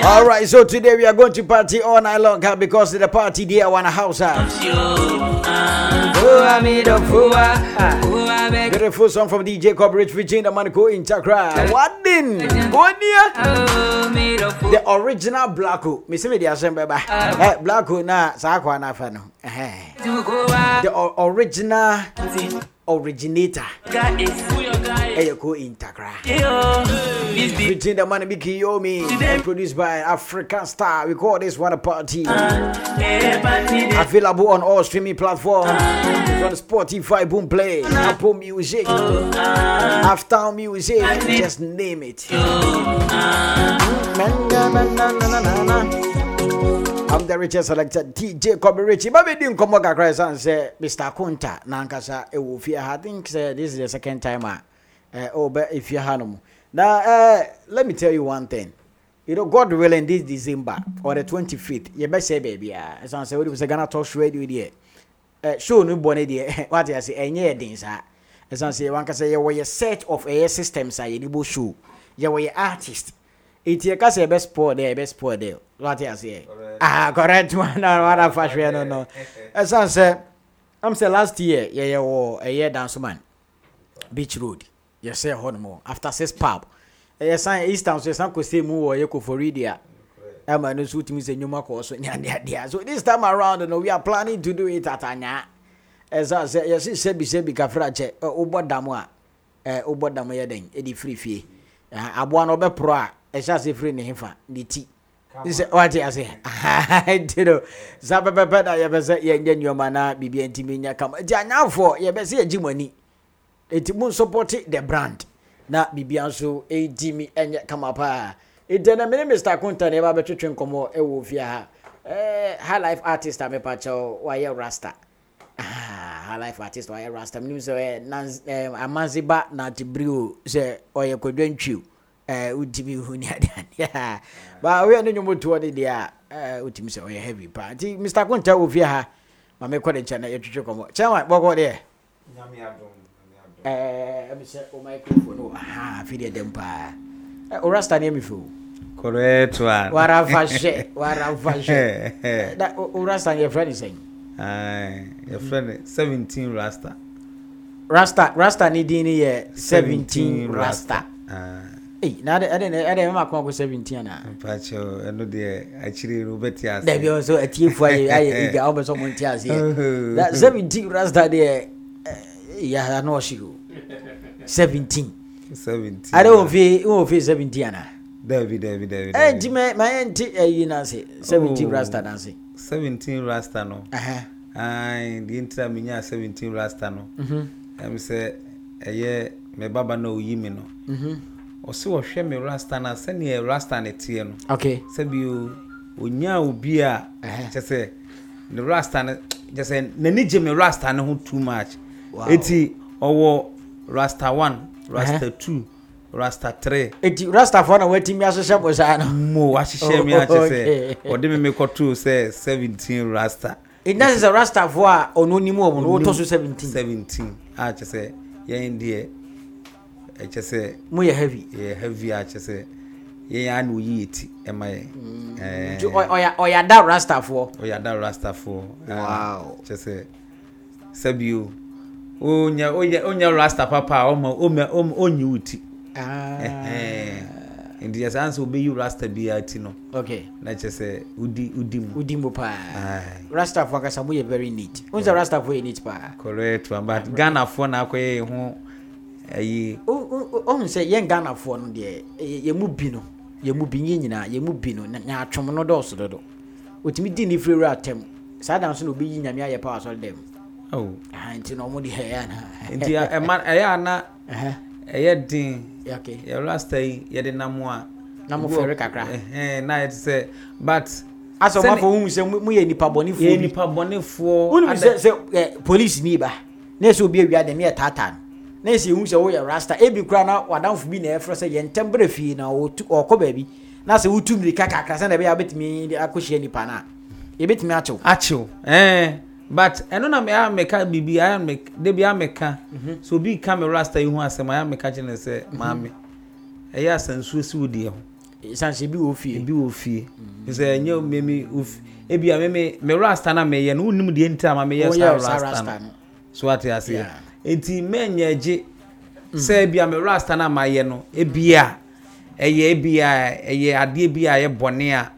Hallelujah. All right, so today we are going to party all night long because the party there want a house. Beautiful song from DJ Corporate featuring the man in Chakra. What din? The original Blacko. Miss me the assembly ba. Uh. Eh, Blacko na sa kwa na fa eh, eh. The original originator ɛyɛ ko intagra featuring the man Mickey Yomi produced by African Star we call this one a party uh, available on all streaming platforms from Spotify Boomplay Apple Music oh, uh, After Music just name it uh. I'm the richest selected DJ Kobe Richie. But we didn't come back across and say, Mr. Kunta, Nankasa, Ewufia. I think say, this is the second time. Uh, oh, but if you Hanum. Now, uh, let me tell you one thing. You know, God willing, this December or the 25th, you better say, baby, ah. as I say, what was Ghana Talks Radio there? Uh, show no bonnet there. What do I say, Any eh, yeah, things ah. As I say, one can say, you were a set of air systems, I need to show. You were an artist. nti ɛka e e sɛ ɛbɛ spoil dɛ ɛbɛ e spoil dɛ wate aseɛ ah correct one na one afa hwɛ no no ɛsan sɛ am sɛ last year yɛyɛ wɔ ɛyɛ dansoman beach road yɛsɛ hɔnom after six pub yɛsan eastern so yɛsan kɔ sɛ mu wɔ yɛ koforidia ama no nso wotumi sɛ nnwuma kɔɔ so neadeadeɛ so this time around no we are planning to do it at anyaa ɛsan sɛ yɛse sɛbisɛbi kafra kyɛ wobɔ dam a wobɔ dam yɛ dɛn ɛde firi fie aboa no ɔbɛporɔ a ɛhyɛ ase firi ne hefa ne ti sɛ wate ase nti no saa pɛpɛpɛ na yɛpɛ sɛ yɛnyɛ nneɔma na biribia ntimi nya kama nti anyafoɔ yɛpɛ sɛ yɛgye mo ani ɛti mu nsupɔte the brand na biribia nso ɛtimi ɛnyɛ kama paa nti na mene mr conta ne yɛba bɛtwetwe nkɔmmɔ ɛwɔ fie ha high life artist a mepa kyɛw wayɛ rasta high life artist wayɛ rasta menim sɛ amanse ba nante brio sɛ ɔyɛ kwadwa wotumi eh, hu ne adeadeɛ a ba woyɛ ne nnwomtoɔ no deɛ a wotumi sɛ ɔyɛ heavy paa nti mr konta wɔfie ha ma mekɔ ne nkyɛn na yɛtwetwe kɔmmɔ kyɛn wa bɔkɔ deɛ ɛmisɛ wo microphone wɔ ha afei deɛ dɛm paa orasta ne ami fio correct one waramfa hyɛ waramfa hyɛ na orasta ne yɛfrɛ ne sɛn yɛfrɛ ne 17 rasta rasta rasta ne din ne yɛ 17 rasta. Hey, na ade ade ade mema kwa kwa 17 ana. Pacho eno de achiri no beti ase. Da bi so atiefu aye aye iga obo so monti ase. That 17 rasta de eh, ya na oshigo. 17. 17. Ade o fi o fi 17 ana. Da bi da bi da bi. Eh ntime ma enti eh, eh, ayi oh. na se 17 rasta na se. 17 rasta no. Aha. Ai di ntra minya 17 rasta no. Mhm. Em se eye me baba na oyi mi no. Mhm ɔsɛ wɔhwɛ me rasta no sɛneɛ rasta ne teɛ no sɛbio ɔnya obi a kyɛ ne rasta no kyɛ n'ani gye me rasta no ho too much Wow. ɛti ɔwɔ rasta 1 rasta two. rasta 3 ɛti rastafoɔ na woatumi ahyehyɛ mo saa no mo wahyehyɛ me akyɛ sɛ ɔde me mekɔtoo sɛ 17 rasta ɛna sɛ sɛ rastafoɔ a ɔno nim wɔ mo no wotɔ so 17 17 akyɛ sɛ yɛn deɛ ɛkyɛ sɛ moyɛ heavy yɛ heavy a kyɛ sɛ yɛn a na oyi yɛ ti ɛma yɛ. Mm. ɔyada rastafoɔ. da rastafoɔ. wow kyɛ sɛ sɛbio onya onya onya rasta papa a ɔma ɔma ɔma onyi wo ti. Ah. nti yɛ saa nso obeyi rasta bi a ti no. okay na kyɛ sɛ udi udi mu. udi mu paa rastafoɔ akasa mo yɛ very neat n sɛ rastafoɔ yɛ neat paa. correct but ghanafoɔ na akɔyɛ yɛn ho. ɛyi ɔhun sɛ yɛn ghanafoɔ no deɛ yɛn mu bi no yɛn mu bi yɛn nyinaa yɛn mu bi no na atwom no dɔɔso dodo otumi di ne firi wura atɛm saa dan so na obi yi nyame ayɛ pa asɔre dɛm nti na ɔmo de ɛyɛ ana nti ɛma ɛyɛ ana ɛyɛ den yɛ rasta yi yɛde nam a nam fɛre kakra na yɛ te sɛ but asɔ ma fɔ ohun sɛ mo yɛ nipa bɔnifoɔ yɛ nipa bɔnifoɔ ohun sɛ sɛ polisi ni ba ne sɛ obi ewia dɛm yɛ taataa no. na esi ehu sɛ woyɛ rasta ebi kura na wadanfo bi na ɛfrɛ sɛ yɛn ntɛm bere fie na ɔtu ɔkɔ baabi na sɛ wotu mirika kakra sɛ na ɛbɛyɛ abɛtumi de akɔhyia nipa na ebɛtumi akyew. akyew ɛɛ but ɛno na mɛ ameka bibi ayɛ mɛ debi ameka mhm. so obi ka mɛ rasta yi ho asɛm ayɛ mɛka kyerɛ sɛ mhm. maame ɛyɛ asansuo si wo deɛ ho. sanse ebi wɔ fie ebi wɔ fie mhm. sɛ ɛnyɛ mɛmi ofi ebi a mɛmi mɛ rasta na mɛyɛ no wunim deɛ nti a ma mɛyɛ saa rasta no so ate aseɛ. nti mɛnyɛ gye sɛ bia mɛwura asa na ma yɛ no ebia ɛyɛ ebia ɛyɛ adeɛ bi a yɛ bɔne a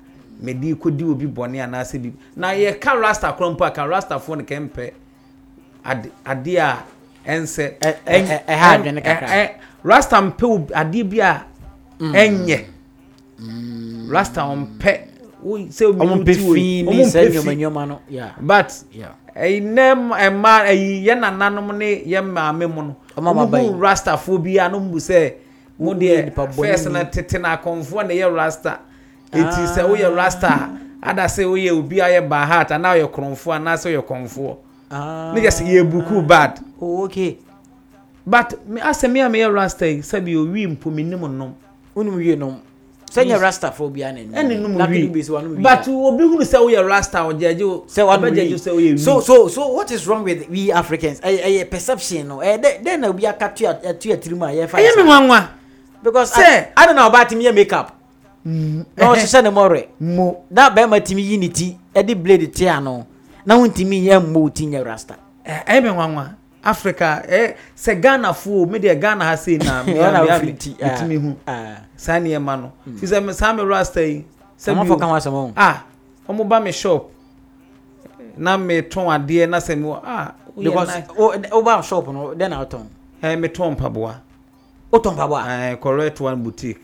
mɛdi kɔdi obi bɔne anaasɛ bi na yɛ ka rasta korɔ mpo a ka rasta foɔ no kɛmpɛ ade adeɛ a ɛnsɛ ɛha adwene kakra rasta mpɛ adeɛ bi a ɛnyɛ mm. rasta ɔmpɛ ɔmo mpefin ne saa nneɛma nneɛma no but ɛnɛ ɛma ɛyi yɛ nananom ne yɛ maame mu no ɔmo bu rastafoɔ bi a no mu sɛ mo deɛ fɛs na tete na akɔnfoɔ na yɛ rasta eti sɛ ah. woyɛ rasta ada sɛ woyɛ obi a yɛ bahat anaa ɔyɛ kɔnfoɔ anaa sɛ ɔyɛ kɔnfoɔ ne yɛ sɛ yɛ buku ah. bad oh, okay but asɛ me a mi yɛ rasta yi sɛbi owi mpomi ne mu nom. wọnum wie nom sɛnyɛ rastafo bi anan mu ɛne num wi but obi hunu sɛ woyɛ rasta ɔgyɛgye wo sɛ wa bɛgyɛgye so so so what is wrong with we africans ɛyɛ ɛyɛ perception no ɛyɛ dɛ dɛ na obi aka tuya eh, tuya tiri mu a yɛ fa ɛyɛ mi nwanwa because sɛ adan mm, na ɔbaa ti mi yɛ make up na ɔhyehyɛ ne mɔre mo na bɛrima ti mi yi ne ti ɛde blade ti ano na wɔn ti mi yɛ mbɔ ti nyɛ rasta ɛyɛ mi nwanwa africa eh, sɛ ghanafoɔ me deɛ ghana ha sei na metumi ah, hu ah. saa nneɛma no fi hmm. sɛ saa me rasta yi sɛ ah, ɔmo ba me shop na metɔn adeɛ na sɛ mewɔ ah, oh, oh, eh, woba shop no dɛn na wotɔn eh, metɔn mpaboa wotɔn mpaboa eh, correct one boutique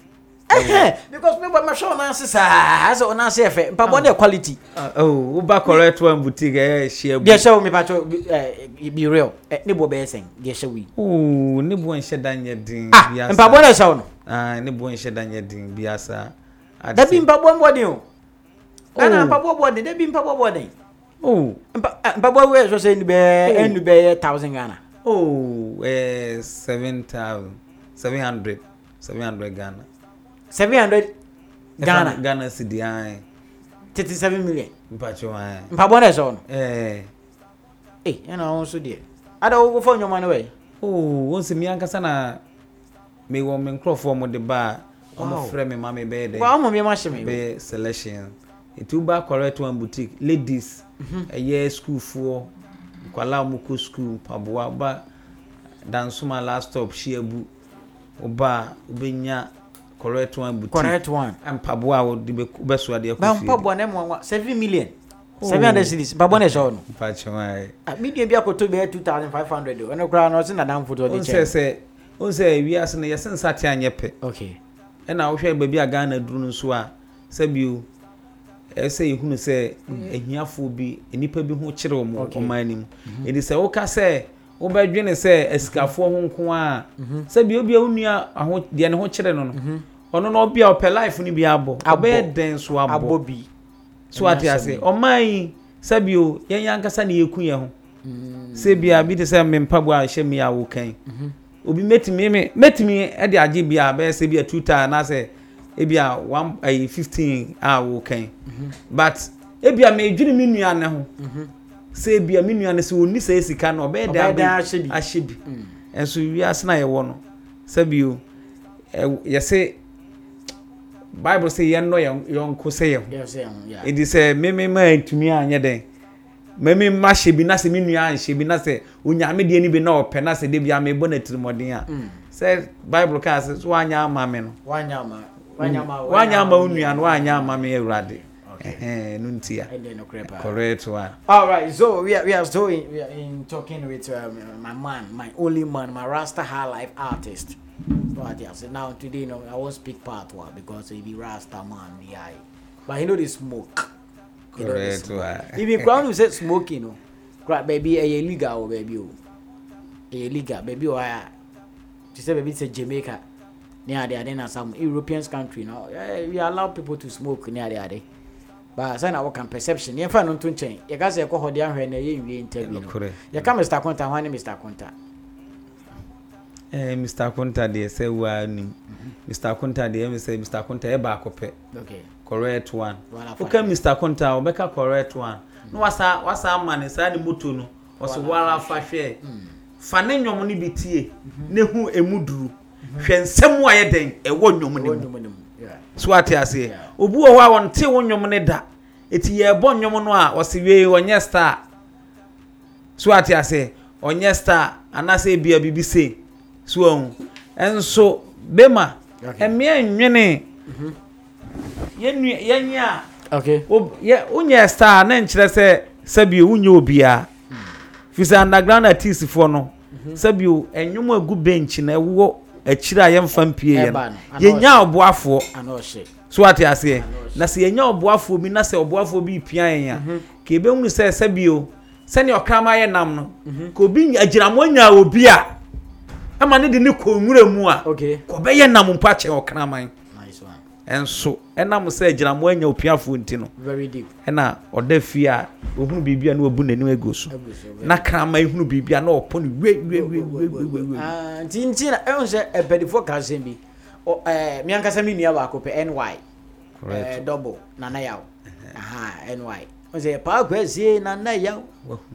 because people ma show na sisa as on say fe mpa bon ah. quality ah, oh uba correct one boutique eh share dey show me pacho oh, eh, be real eh, ne bo be sen dey show we oh ne bo nhyɛ dan yɛ din biasa mpa bon show no ah ne bo nhyɛ dan yɛ din biasa da bi mpa bon bo din o oh. ana mpa bo bo din da bi mpa bo bo din oh mpa eh, mpa bo we so say ni be enu be 1000 Ghana oh eh 7000 700 700 Ghana seven hundred ghana ghana si di an thirty seven million. mpatsɔ an. mpabɔ na ɛsɛ ɔno. ɛɛ ee ɛna ɔn so deɛ ada wo fɔ nyɔma no wɛ. ooo wɔn sɛ mi ankasa na mi wɔ mi nkurɔfoɔ mo de ba wɔn fɛ mi ma mi bɛyɛ dɛ. wɔn mo mi ma se mi. bɛyɛ selection etu ba correct one boutique ladies mhm. ɛyɛ sukuufoɔ nkwalaa mo kɔ sukuu mpaboa ba dansoma last stop hyiabu ɔbaa ɔbɛnya correct one boutique correct one ah, mpaboa a wɔde bɛso adeɛ kɔ fie mpaboa ne mmoa seven million seven hundred series mpaboa ne hyɛ hɔ no mpakyɛn ayi a medium bi akoto bɛyɛ two thousand five hundred o ɛno koraa no ɔsi nadan foto ɔde kyɛn onsɛ sɛ onsɛ wiase no yɛsɛ nsa te anyɛ pɛ okay ɛna wohwɛ baabi a ghana duru no nso a sɛbio ɛsɛ yɛhunu sɛ ahiafoɔ bi e e nnipa mm. bi ho kyerɛ wɔn ɔman no mu ɛdi mhm. sɛ woka sɛ wobɛdwene sɛ asikafoɔ ho nko a mhm. sɛ bia obia wo nua deɛ ne ho kyerɛ no no mhm. ɔno na ɔbia ɔpɛ life no bi abɔ ɔbɛyɛ dɛn so abɔ bi so ate ase ɔman yi sɛ bio yɛn yɛn ankasa na yɛku yɛn ho mm. sɛ bia bi te sɛ mempaboa a ɛhyɛ mi a wokan mhm. obi mɛtumi me mɛtumi ɛde agye bia bɛyɛ sɛ bia two taa anaasɛ ebia one ɛyi eh, fifteen a wokan but ebia mɛdwene mi nua ne ho sɛ bia me nua no sɛ ɔnni sɛ sika no ɔbɛyɛ da ahyɛ bi ɛnso hmm. wiase no a yɛwɔ no sɛ bio yɛse bible sɛ yɛnnɔ yɔnko sɛ yɛ ho ɛnti sɛ meme ma antumi anyɛ dɛn mami ma hyɛ bi na sɛ me nua anhyɛ bi na onyame deɛ no bi na ɔpɛ na sɛ de bia mebɔ no atirimɔden a hmm. sɛ bible kaa sɛ so woanyɛ ama me no woanyɛ hmm. ama wo nua no woanyɛ ama me awurade okay. correct one all right so we are, we are still in, we are in talking with um, my man my only man my rasta high life artist but yeah now today you know, i won't speak part one because he be rasta man be I. but he know the smoke correct one if you crown you say smoke you know crap baby eh, a illegal baby oh eh, illegal baby why she said baby say jamaica near there then some european country you know eh, we allow people to smoke near there baasa na wɔka perception yɛmfa no nto nkyɛn yɛka sɛ yɛkɔ hɔ de ahwɛ na ɛyɛ wie interview no yɛka mr conta hwan ne mr conta eh, mr conta deɛ sɛ woa nim mr conta deɛ ɛmi sɛ mr conta yɛ baako pɛ correct one woka mr conta wɔbɛka correct one na wasa wasa ama ne saa ne moto no ɔsɛ wara fa hwɛ fa ne nnwom no bi tie ne hu emu duru hwɛ nsɛm a yɛ den ɛwɔ nnwom no mu so ate aseɛ obi wɔ hɔ a wɔnte wo nnwom ne da ɛti yɛrebɔ nnwom no a ɔse wei ɔnyɛ star so ate aseɛ ɔnyɛ star anaasɛ ebia biribi se so ɔhu nso bema mmea nnwene yɛnyɛ a wonyɛ star ne nkyerɛ sɛ sɛbio wonyɛ obiara firi sɛ underground artist foɔ no mm-hmm. sɛbio ɛnwom agu bench na ɛwɔ akyire a yɛmfa mpie yɛ no yɛnya ɔboafoɔ so wate aseɛ na sɛ yɛnya ɔboafoɔ bi na sɛ ɔboafoɔ bi pia yɛn a mhm. ka yɛbɛhunu sɛ sɛbio sɛnea ɔkraman yɛ nam no mhm. ka obi agyinamoa nyaa obi a ama ne de ne kɔ nwura mu a kɔbɛyɛ nam mpo akyɛ ɔkraman nso ɛnam sɛ gyina mo anya opiafoɔ nti no ɛna ɔda fie a ohunu biribi a na wabu n'anim agu so na krama ehunu biribi a na ɔpɔ no wie wie wie wie wie wie. Ah, nti nti na ɛhun eh, sɛ eh, ɛbɛdifoɔ kan bi ɔ ɛɛ eh, miankasa mi nua baako pɛ ny ɛɛ dɔbɔ nana yaw aha ny ɔsɛ paa kɔ ɛsie nana yaw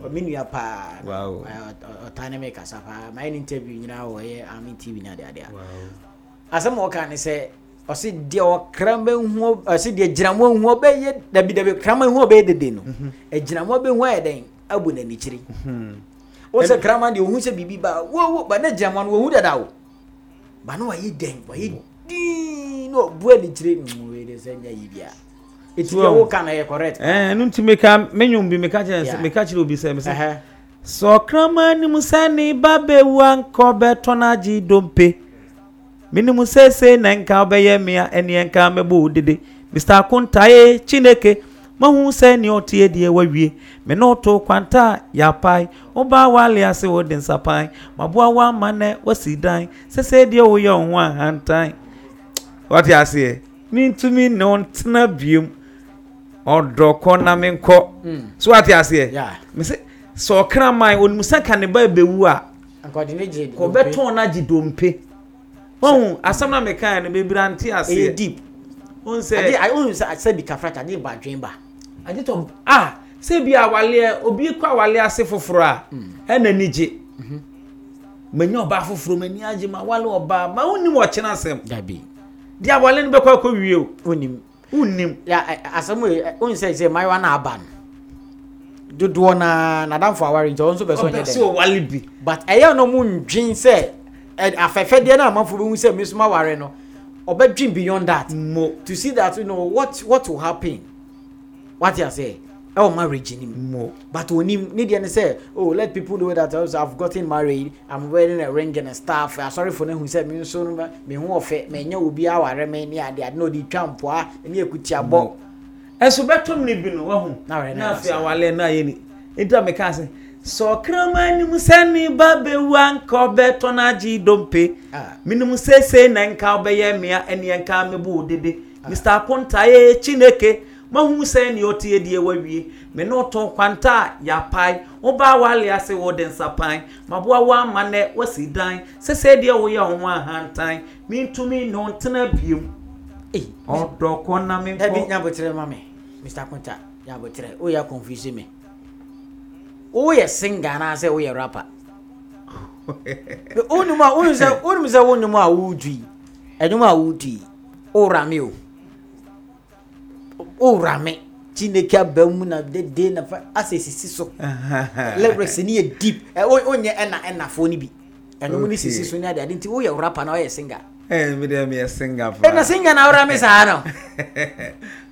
mi nua paa ɔtaa ne mi kasa paa maa yɛ ni interview nyinaa wɔ ɛyɛ ami tv ni adeade a asɛm wɔ kan ne sɛ ɔsi deɛ ɔkram bɛ hu ɔsi deɛ gyinamoa hu ɔbɛyɛ dabi dabi krama hu ɔbɛyɛ dede no mhm. gyinamoa bɛ hu ayɛ dɛn abu n'ani kyiri wɔsɛ mhm. krama deɛ ohun sɛ biribi ba wo wo ba ne gyinamoa no ohun dada o ba no wayɛ dɛn wayɛ diin na ɔbu ani kyiri nmu mm, wei de sɛ nya yi bia etu yɛ wo kan na yɛ correct. ɛɛ nu ti mi ka bi mi ka kyerɛ mi ka kyerɛ obi sɛ sɛ sɔkrama nimusani ba bɛ wa nkɔ bɛ menim seesei na nka wobɛyɛ mmea ɛneɛ nka mɛbɔ wo mr akontae chineke mahu sɛ neɛ ɔteɛ deɛ wawie me ne ɔto kwanta a yɛapae wobaa woale ase wo de nsapan maboa woama nɛ woasi dan sɛsɛe deɛ woyɛ wo ho ahantan wate aseɛ mentumi ne wo ntena biom ɔdɔkɔ na menkɔ so wate aseɛ mesɛ sɛ ɔkraman onimusa ka ne ba bɛwu a kɔbɛtɔn no agye wọn asam na mẹka yẹn no bebree ante ase ɛyɛ deep wọn sɛ adi ayi wọn sɛ sɛ kafra adi ba dwen ba adi tɔ ah sɛ bi awaleɛ obi kɔ awaleɛ ase foforɔ a ɛna hmm. ani gye mɛnyɛ mhm. ɔbaa foforɔ mɛ agye ma wale ɔbaa ma wɔn nim ɔkyena asɛm dabi di awaleɛ no bɛkɔ akɔ wie o wɔnim wɔnim ya asɛm wo yɛ wɔn sɛ sɛ mayewa na aba no dodoɔ naa nadamfo awari nti ɔn nso bɛ so ɔbɛ so ɔwale bi but ɛyɛ no mu ndwin sɛ afɛfɛdeɛ no amanfoɔ bɛhu sɛ me soma ware no dream beyond that mo to see that you know what what will happen what you say ɛwɔ marriage ni mo but onim ne deɛ ne sɛ oh let people know that also oh, i've gotten married i'm wearing a ring and stuff asɔrefo no hu sɛ me nso no me ho ɔfɛ me nya obi aware me ne ade ade na ɔde twa mpoa ne ekutiabɔ ɛso bɛtɔm ne bi no wahu na afei awale na ayɛ ni nti a meka sɛ sɔkrama so, nim sɛ ne ba bɛwua nka ɔbɛtɔ no agye dompe ah. menim seesei na nka wobɛyɛ mmea ɛne ɛnka mɛbu wo dede ah. mr akontae kyineke mahu sɛ neɛ ɔteɛ deɛ wawie me ne ɔtɔ kwanta a yɛapae wobaa wale ase wɔde nsapan maboa woama nɛ woasi dan sɛsɛe deɛ woyɛ wo ho ahantan mentumi ne ɔntena biom ɔdɔkɔ na menkɔ mr akonta yɛabɔkyerɛ woyɛ confuse me woyɛ singer anaasɛ woyɛ rapper wonim a wonim sɛ wonim sɛ wonum a wodui ɛnum a wodui worame o worame chineke aba mu na dede na fa asɛ sisi so lyrics ne yɛ deep wonyɛ ɛna ɛnafoɔ no bi ɛnom ne sisi so ne ade ade nti woyɛ rapper na woyɛ singer mede meyɛ singer fa ɛna singer na worame saa no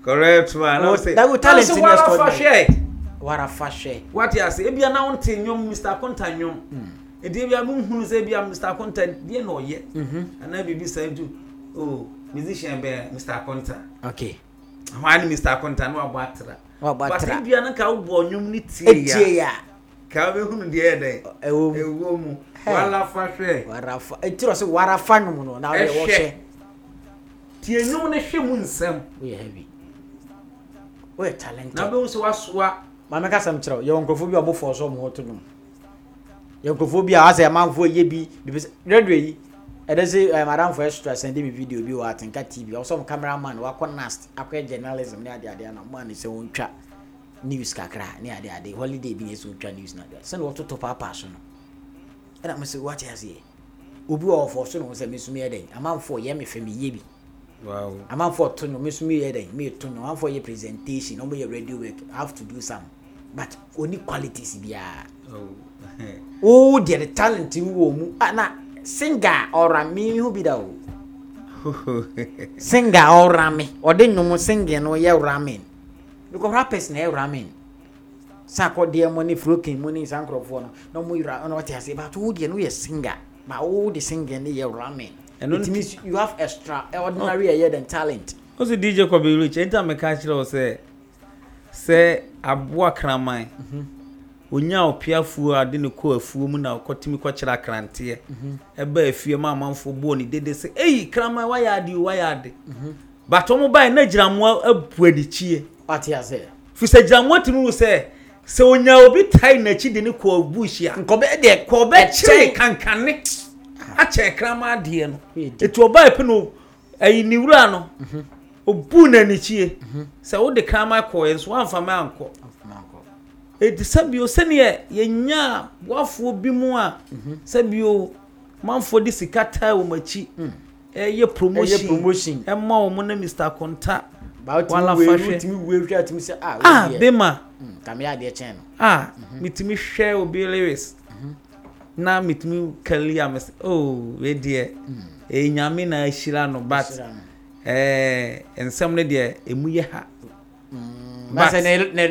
correct man na wo talent ne sport warafa hwɛ wate ase ebia na wɔn te mr akonta nnwom hmm. edi ebia mo nhunu sɛ ebia mr akonta deɛ na ɔyɛ mm-hmm. anaa biribi saa du o oh, musician bɛ mr akonta okay hwaa eh, ne mr akonta na wabɔ atera wabɔ atera wate ebia na ka wobɔ nnwom ne tie ya etie ya ka wobɛhunu deɛ yɛ dɛ ɛwɔ mu ɛwɔ mu warafa hwɛ warafa etiri ɔsɛ warafa nnwom no na ɔyɛ wɔhwɛ tie nnwom ne hwɛ mu nsɛm oyɛ heavy oyɛ talented na bɛ n so wasoa maame kasɛm kyerɛw yɛwɔ nkurɔfoɔ bi a ɔmo fɔɔ so ɔmo ho to dwom yɛwɔ nkurɔfoɔ bi a asɛ ɛmanfoɔ yɛ bi bibi sɛ radio yi ɛdɛ sɛ ɛɛ eh, madamfoɔ ɛsotra sɛn de mi video bi wɔ atenka tv ɔsɛ ɔmo cameraman wakɔ nast akɔ journalism ne adeade na ɔmo ani sɛ wɔn twa news kakra ne adeade holiday bi na ɛsɛ wɔn twa news na adeade sɛnɛ wɔtoto paapaa so no ɛna mo sɛ wɔate aseɛ obi wɔ ɔfɔ so no ho sɛ mesumi yɛ dɛn amanfoɔ yɛ me fɛ me yie bi amanfoɔ to no mesumi yɛ dɛn me to no amanfoɔ yɛ presentation ɔmo yɛ radio work i have to do some but oni qualities biara o oh. deɛ oh, ne talent wɔ mu ah, na singer ɔra mi ho bi da o singer ɔra mi ɔde nnwom singer no yɛ ramen because rappers na yɛ ramen saa akɔdeɛ mo ne frokin mo ne nsa no na ɔmo yira ɔna ɔte ase but o oh, deɛ no yɛ singer ma o de singer no yɛ ramen it means you have extra ordinary ɛyɛ than talent. o si dj kɔbi rich ɛnta mi ka kyerɛ o sɛ sɛ. aboa kraman mhm. onya opiafuo ade ne kɔ afuo mu na ɔkɔtumi kɔkyerɛ akranteɛ mhm. ɛba afie ma amanfo boɔ ne dede sɛ ei kraman wayɛ ade o wayɛ ade mhm. but ɔmo bae na gyinamoa abu adikyie firi sɛ gyinamoa tumi wo sɛ sɛ onya obi tae n'akyi de ne kɔ bush a nkɔbɛdeɛ kɔbɛkyerɛ kankane ah. akyɛ kraman adeɛ no ɛti ɔbaa pɛ no ayi ne wura no obu n'anikyie mhm. sɛ wode kraman kɔɛ nso woamfama ankɔ ɛti sɛbio sɛneɛ yɛnya boafoɔ bi mu a mhm. sɛbio manfoɔ de sika taa wɔ m'akyi mm. ɛyɛ promotion ɛma wɔ mo ne mr conta bema mm, ah, mhm. metumi hwɛ obi lyris na metumi kali a mesɛ o oh, wedeɛ ɛnyame mm. eh, na ahyira no but ɛɛ eh, nsɛm no deɛ emu yɛ ha. Mm. but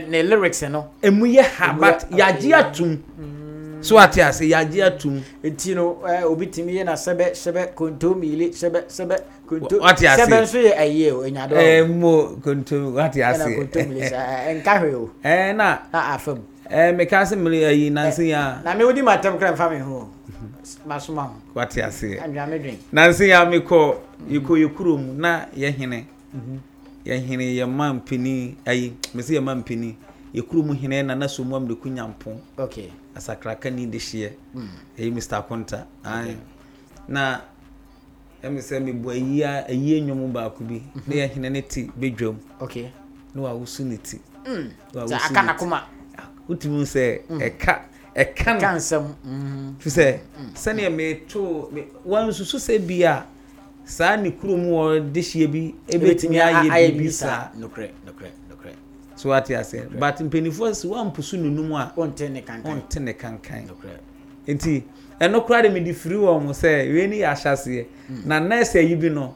ne lyrics no. emu yɛ ha but yagye atum. Mm. so ate ase yagye atum. eti no ɛɛ eh, obi timi yɛ na sɛbɛ sɛbɛ konto miili sɛbɛ sɛbɛ konto sɛbɛ nso yɛ ɛyie o enyadɔ. ɛɛ eh, mo konto ate ase. ɛna konto miili sɛ na na afɛm. ɛɛ ya. na mi wuli ma tɛm kura nfa mi masoma ho wate aseɛ nanse yɛ mekɔ yɛkɔ yɛ kurom na yɛhene yɛhene yɛma mpani ayi sɛ yɛma mpani yɛkurom hene na mm. na so mhm. mm. ah, mu amdeku nyampon okay. asakraka ni de hyeɛ ɛyi mm. mr conta na ɛmi sɛ mebu ayi ayi baako bi na yɛhene ne ti bedwam na wawosu ne ti mm. wawosu ne wotumi sɛ ɛka ɛka no kansɛm fi sɛ sɛnea meto wansusu sɛ bi a saa ne kurom wɔ dehyeɛ bi ɛbɛtumi ayɛ biribi saa so wate aseɛ but mpanimfoɔ sɛ woamposo nonum a ɔnte ne kankan nti ɛno koraa de mede firi wɔ mo sɛ wei ne yɛ ahyɛseɛ na nurse ayi bi no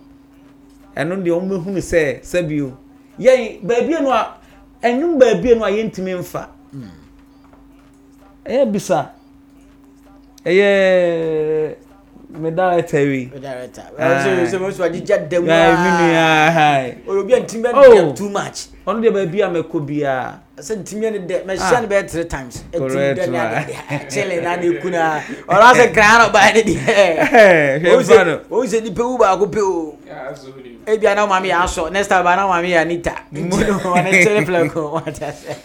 ɛno deɛ wɔmɛhunu sɛ sɛbio yɛn baabia no a ɛnwom baabia no a yɛntumi mfa mm ɛyɛ bisa ɛyɛ me director wi. me director ɛɛ sɛ mo sɔ adija dɛm naa ɛɛ mi nu yaa hayi. too much. ɔno deɛ baabi a mɛkɔ biara. sɛ ntumi ɛni dɛ mɛ sɛ ni ah! bɛyɛ three times. correct wa kyele na ne kuna ɔno asɛ kran ɔba ne deɛ. hwɛ fa no. o sɛ ni pewu baako pewu. ebi anaw maami y'a sɔ next time anaw maami y'a ni ta. mu no ɔne kyele filɛ ko wɔn ta sɛ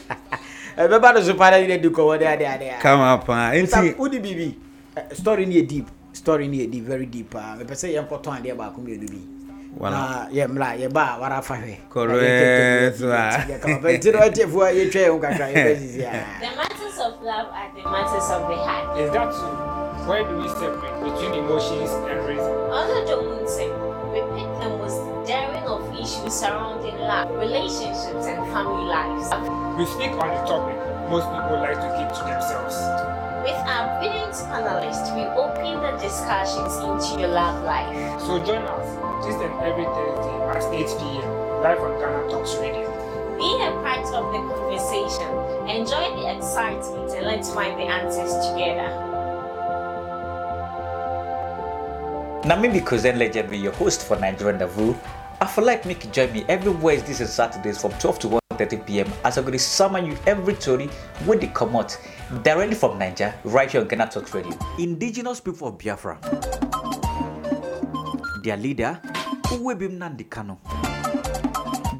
ɛbɛba no so pa na yine di kɔwɔ de ade ade kama paa nti wodi biribi story no yɛ deep story no yɛ deep very deep paa mepɛ sɛ yɛnkɔtɔn adeɛ baako mmienu bi yɛ mmra yɛba a wara fa hwɛ correctnti no atiefoɔ yɛtwa yɛ ho kakra yɛbɛsisiaa Where do we separate between emotions and reason? Also, don't say. Repentance was daring of issues surrounding life, relationships, and family lives. We speak on the topic most people like to keep to themselves. With our brilliant panelists, we open the discussions into your love life. So join us this and every Thursday at 8 p.m. live on Ghana Talks Radio. Be a part of the conversation, enjoy the excitement, and let's find the answers together. na me be Legend, your host for Nigerian Davu. I feel like make you join me every Wednesdays and Saturdays from 12 to 1.30 pm as I'm going to summon you every story when they come out directly from Nigeria, right here on Ghana Talk Radio. Indigenous people of Biafra, their leader, Uwebim Nandi Kano,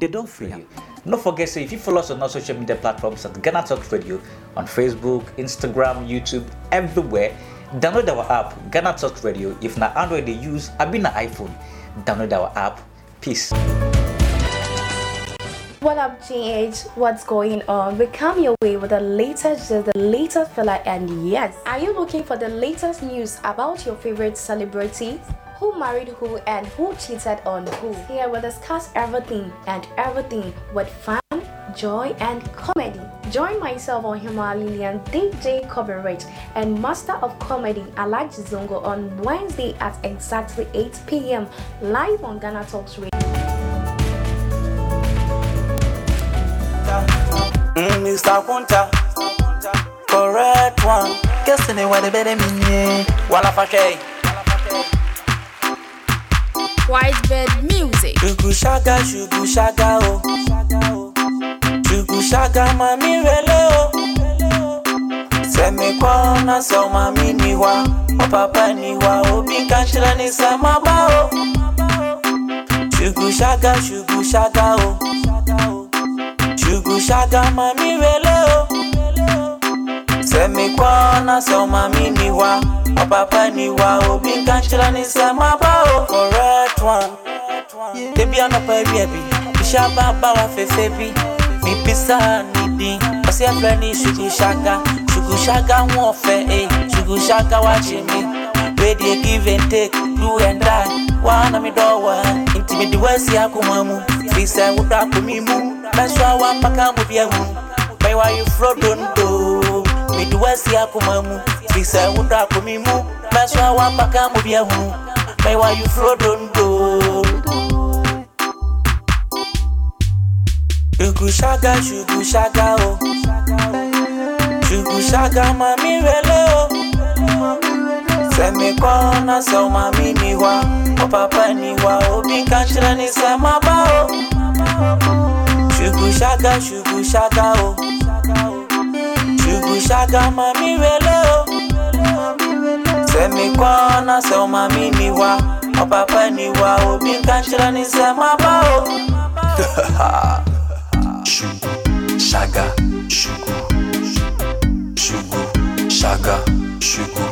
they don't fear. Yeah. No forget, so if you follow us on our social media platforms at Ghana Talk Radio on Facebook, Instagram, YouTube, everywhere, Download our app, Ghana Talk Radio. If na Android they use, I na iPhone. Download our app. Peace. What up, GH? What's going on? We come your way with the latest, the latest filler, and yes, are you looking for the latest news about your favorite celebrity, Who married who and who cheated on who? Here we'll discuss everything and everything with fun joy, and comedy. Join myself on Himalayan DJ coverage and Master of Comedy Alaj Zongo on Wednesday at exactly 8 p.m. live on Ghana Talks Radio. Mm, Mr. correct one. Guess White bed music. oh. Mshagama miwe leo Seme kwaona sauma mini wa Opapa ni wa Obikashira ni sama bao Shugu shaga shugu shaga o Shugu shaga mami weleo Seme kwaona sauma mini wa Opapa ni wa Obikashira ni sama bao Correct one Baby anapa baby Bishaba bawa fefebi Mi pisa ni mipisa nidi ɔsiɛfɛni sugusaga sugusaga wọn fɛ e eh, sugusaga wa ti mi wey dey give and take do and die wana mi dɔwɔ ntumi diwɔ si akoma mu fisa wura akomi mu meso wa mpaka mu bi ehu mɛwa yi furo dondo mi diwɔ esi akoma mu fisa wura akomi mu meso wa mpaka mu bi ehu mɛwa yi furo dondo. Shugu shaga, shugu shaga, oh. Shugu shaga, mami wele, oh. Seme kona, so mami niwa. O papa niwa, o binka chira ni sema ba, oh. Shugu shaga, shugu shaga, oh. Shugu shaga, mami wele, oh. Seme kona, so mami niwa. O papa niwa, o binka chira ni sema ba, oh. Ha ha ha. Shaga, Shugu, Shugu, Shaga, Shugu,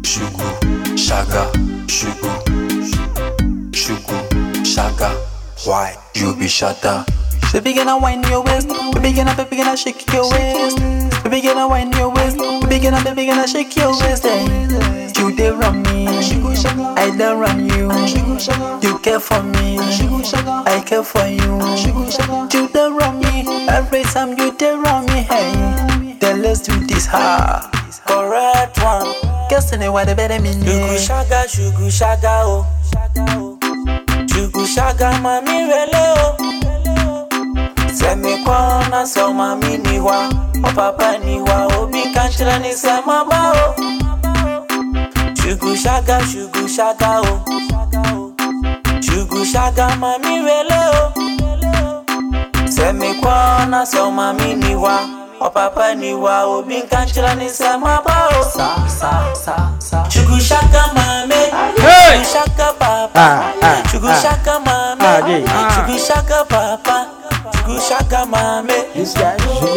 Shugu, Shaga, Shugu, Shugu, Shaga. Why you be shatter? Baby, gonna wind your waist. Baby, gonna baby, gonna shake your waist. Baby, gonna wind your waist. Baby, gonna baby, gonna shake your waist. Hey. Eh? You dey run me, I don't run you. You care for me, I care for you. You dey run me every time you dey run me hey then let's do this hard correct one guess any why they better me sugar shaga sugar shaga oh. sugar shaga mami rele o sẹmi kọ́ na sọ mami niwa ọ oh, papa niwa obi country ni oh, sẹ mama oh. o sugar shaga sugar oh. o sugar shaga mami rele oh. Semi kwa na soma mini wa Wapapa ni wa ubinka nchila ni sema bao oh. Sa, sa, sa, sa Chukushaka mame hey! Chukushaka papa ah, ah, Chukushaka ah. mame ah, de, ah. Chukushaka papa Chukushaka mame Chukushaka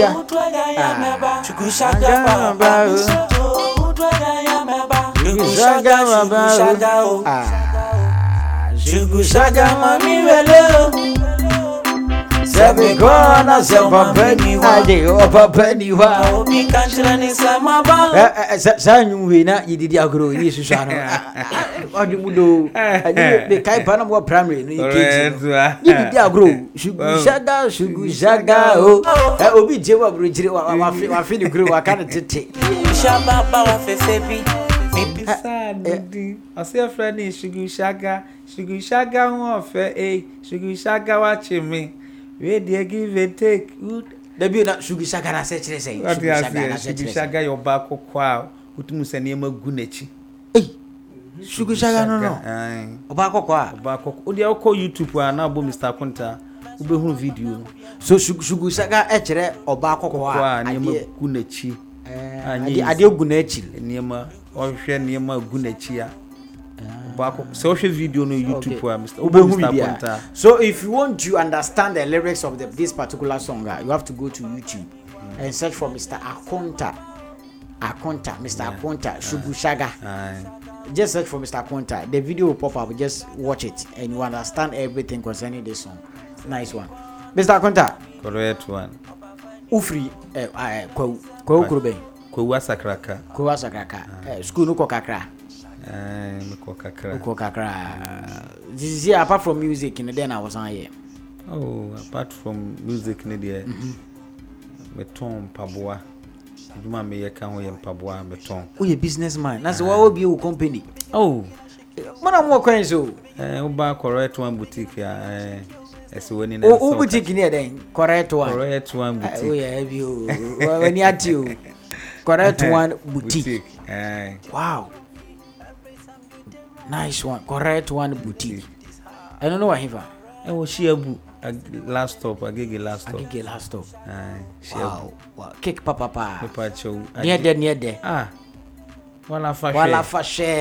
ah. ah, oh. mame Chukushaka oh. papa ah. Chukushaka mame Chukushaka mame Chukushaka mame Sebe kona se opapeni wa Aje opapeni wa Omi kanchila ni samaba eh, eh, eh, Sa na yididi ah, ah, primary Ni kiti ah, Yididi agro Shugu oh. shaga Shugu o oh. oh. Obi jewa bro jire Wafini gro Wakana tete Shababa wafesebi mibisa didi ọsẹ ẹfrẹ ni ṣugu ṣaga ṣugu ṣaga wọn ọfẹ ee wey deɛ give and take. dabi na sugu saka na sɛ kyerɛ sɛ sugu saka yɛ ɔbaa kɔkɔ a wotumi sɛ nneɛma gu n'akyi. sugu saka no no ɔbaa kɔkɔ a. ɔbaa kɔkɔ o deɛ ɔkɔ youtube a na bɔ mr akonta wobɛhunu video so sugu saka ɛkyerɛ e ɔbaa kɔkɔ a nneɛma gu n'akyi. Eh, adeɛ gu n'akyi. nneɛma ɔhwɛ nneɛma gu n'akyi a baako sɛ video no youtube a mr obohu so if you want to understand the lyrics of the, this particular song uh, you have to go to youtube mm. and search for mr akonta akonta mr yeah. akonta shugushaga just search for mr akonta the video will pop up just watch it and you understand everything concerning this song nice one mr akonta correct one ufiri eh, uh, uh, kwawu kwawu kurobɛn kwawu asakraka kwawu asakraka uh, school no kɔ kakra Eh, wokɔ kakra sisi apart from music no dɛn na wosan yɛ apart from music no deɛ mm-hmm. metɔn mpaboa adwuma meyɛ ka ho yɛ mpaboa metɔn woyɛ business man na sɛ eh. woawɔ bie wo company oh mowɔ kwan so woba eh, correct one boutique a wo boutique ne yɛ correct one correct one ah, boutique wow nice one correct one butili ɛno no wahefa ɛwɔ hyiabu last stop agege last stop agege last stop wow wow cake Papa. pepa chow near there near ah wala fa hwɛ wala fa hwɛ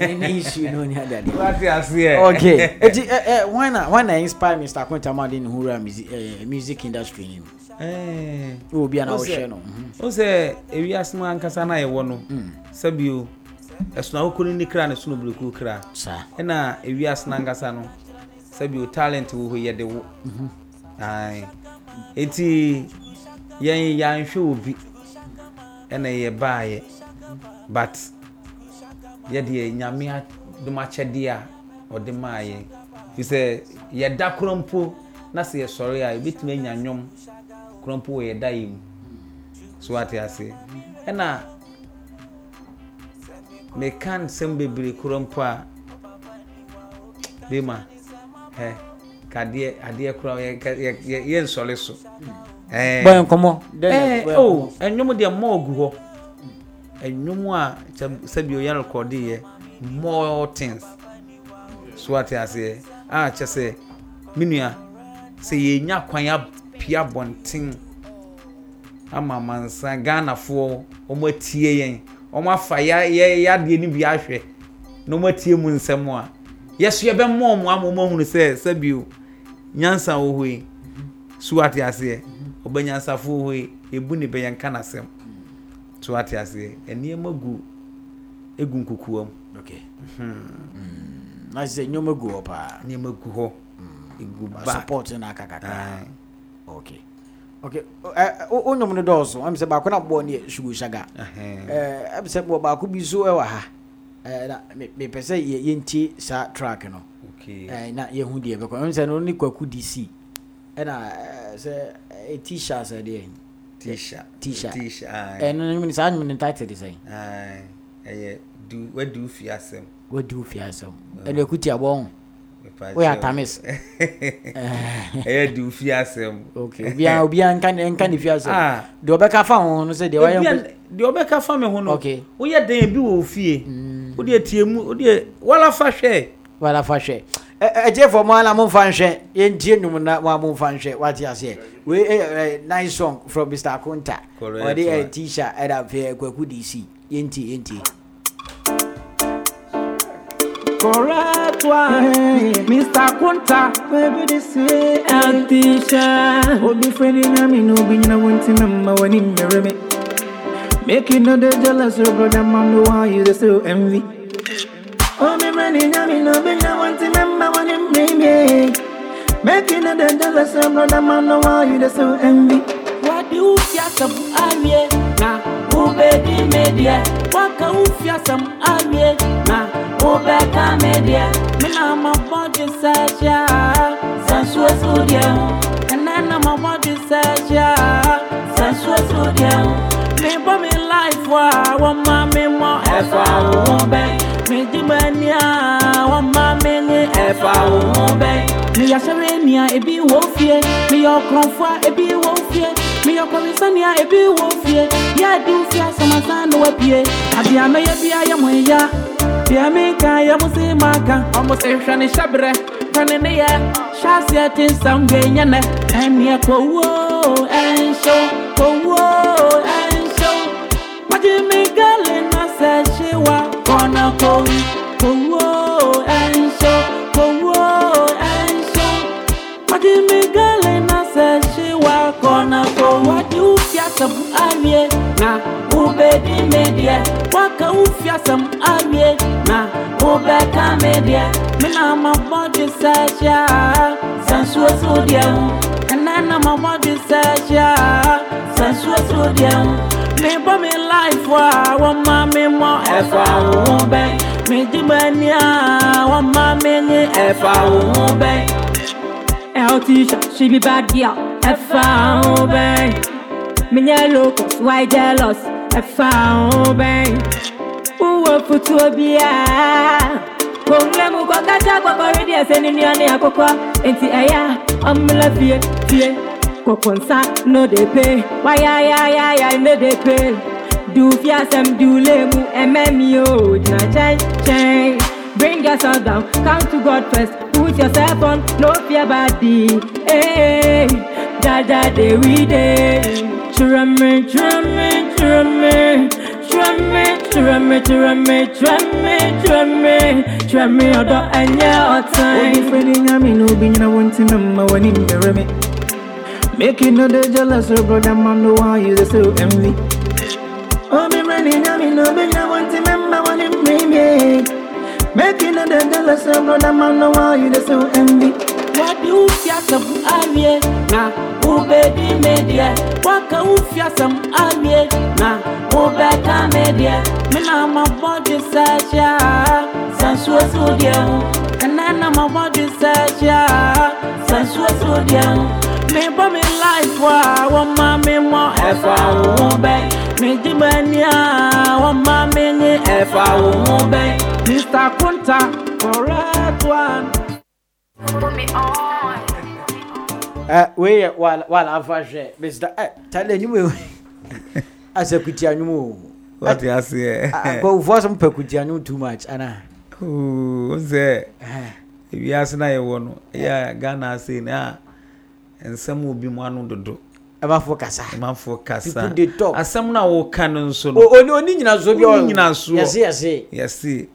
ɛne ne issue no ni adade wati aseɛ okay eti ɛ ɛ why na why na inspire mr akunta madi ne eh, ho music industry ni ɛɛ obi a na ɔhwɛ no o sɛ ewi asemu ankasa na yɛ wɔ no mm. sɛbi o ɛsonahokuo no ni kra ne sono buruku kra ɛna ewiase no ankasa no sɛbio talent wɔ hɔ yɛde wo mhm. nti yɛn yɛanhwɛ obi ɛna yɛbaayɛ but yɛdeɛ nyame domakyɛdeɛ a ɔde maa yɛn fi sɛ yɛda korɔ mpo na sɛ yɛsɔre a yɛbɛtumi anya nnwom korɔ mpo wɔ yɛda yɛ mu so wate ase ɛna meka nsɛm bebree koro mpo a bema hɛ kadeɛ adeɛ kora yɛ nsɔre so bɔyɛ nkɔmmɔ o ɛnwom oh, deɛ mmɔɔ gu hɔ ɛnwom a sɛbi oyɛ rekɔdeeɛ more things so ate aseɛ a kyɛ sɛ me nua sɛ yɛnya kwan apia bɔnten ama amansa ghanafoɔ wɔn atie yɛn wɔn afa ya ya ya adeɛ no bi ahwɛ na wɔn atie mu nsɛm a yɛso yɛbɛmɔ wɔn ama wɔn ahunu sɛ sɛbio nyansa wɔ hɔ yi so ate aseɛ ɔbɛnyansafo wɔ hɔ yi ebu ne bɛyɛ nka n'asɛm so ate aseɛ nneɛma gu egu nkukuo mu. okay mm. na sɛ nneɛma gu hɔ paa nneɛma gu hɔ hmm. egu back support na aka ok okay okay ɛ eh, eh, o nyɔmu ni dɔɔso ɛmi sɛ baako na bɔ ne yɛ sugu saga ɛɛ eh, sɛ bɔ baako bi so ɛwɔ ha na mɛ pɛ sɛ yɛ saa track no na yɛn ho deɛ bɛ kɔ ɛmi sɛ no ne kwaku dc ɛna ɛɛ sɛ ɛ t-shirt sɛ deɛ t-shirt t-shirt ɛɛ no nyɔmu ni saa nyɔmu ni title de sɛ. ɛɛ ɛyɛ du wadu fi asɛm. wadu fi asɛm woyɛ atames ɛyɛ de wo fie asɛm mm. obiaa nka ne fie asɛm deɛ ɔbɛka fa ho no sɛ deɛ wayɛ deɛ ɔbɛka fa me ho no woyɛ dɛn bi wɔ wo fie wodeɛ tie mu wodeɛ wala fa hwɛ wala fa hwɛ ɛgyefoɔ mo ana momfa nhwɛ yɛntie nnwom na mo a momfa nhwɛ wate aseɛ wei yɛ eh, eh, nice song from mr akonta ɔde eh, tisha ɛda kwaku dc yɛntie yɛntie a one. Mr. Kunta, baby, this way. Antisha, Obi oh, Freddy, I mean, no, you know, one thing, I'm a one in your remit. Make you know the jealous, your brother, man no, why you so envy. Oh, me, man, you know, me, no, be no one thing, i when a one in baby. Make you know the jealous, your brother, man the why you so envy. What do you just I'm here? Now, who baby, media? What can you feel some I'm Now, wobɛka me deɛ mena mabɔdwe sɛ hyɛ a sansuo so deɛ ho ɛnɛ na mabɔdwe sɛ hyɛ a sansuo so deɛ ho mebɔ me life a wɔma me mmɔ ɛfa wo ho bɛn megye m'ani a wɔma me ne ɛfa wo ho bɛn meyɛ hyɛre nea ebi wɔ fie meyɛ ɔkorɔmfo a ebi wo fie meyɛ kɔmisania ebi wɔ fie yɛ adi wo fie asɛmasane na wapie abea mɛyɛ bia yɛ mo ya mika ya muzimaka omusehwɛ ne hyɛberɛ hwɛne ne yɛ hyɛaseɛ te Emi ya kwa ɛneɛ kɔwuo Kwa uo ɛnhyew magyeme gale na kwa uo Kwa uo kɔwuo Kwa uo ɛnhyew magyeme gale na sɛ hyewa kwa uo wɔde wo sabu awie na wobɛdi me deɛ woaka wo fiasɛm awie na wobɛka me deɛ mena mabɔdwe sɛ hyia sansuo so deɛ ho ɛnɛ na mabɔdwe sɛ hyia sansuo so deɛ ho mebɔ me life a wɔma me mmɔ ɛfa wo ho bɛn megye m'ani a wɔma me nye ɛfa wo ho bɛn ɛwo tisha she be bad girl ɛfa wo bɛn Me yellow cause why jealous I e found bang Uwo futu obia Kongle mu kwa kata kwa kwa ready Ase nini ane ya kokwa Enti aya Omula fie fie Kwa sa, no depe Waya ai ai ai no depe Du fia sem du le mu Ememi yo Jina chai chai Bring yourself down, come to God first. Put yourself on, no fear body. Hey, eh, eh, da eh. da day we day. try me, try me, try me, try me, try me, try me, try me, try me, try me, or don't end your time. If any yammy no be na one thing, I'm a winning the remit. Make you jealous, or brother, man, no why you so envy. Oh, me running yammy no be na one thing, I'm a winning me. Making no you jealous, or brother, man, no why you so envy. Yadi ufiasem awie na di ubedi medie waka ufiasem awie na ubeka medie mina mabodi sasha sensuoso diemu enana mabodi sasha sensuoso diemu me bo me life wa wa ma me mo efa wo be me di mania wa ma me ni efa wo be Mr. Kunta correct one wei yɛ wala afa hwɛ mr tale anim asɛ kuti nwom o wate aseɛ akɔwufoɔ sɛ mopɛ kuti nwom too much ana sɛ ewiase no yɛwɔ no ɛyɛ ghana asei no a nsɛm obi mu ano dodo ɛmafoɔ kasa ɛmafoɔ kasa people dey talk asɛm no a wɔka no nso no oni oni nyinasoɔ bi ɔyɛ nyinasoɔ yɛse yɛse yɛse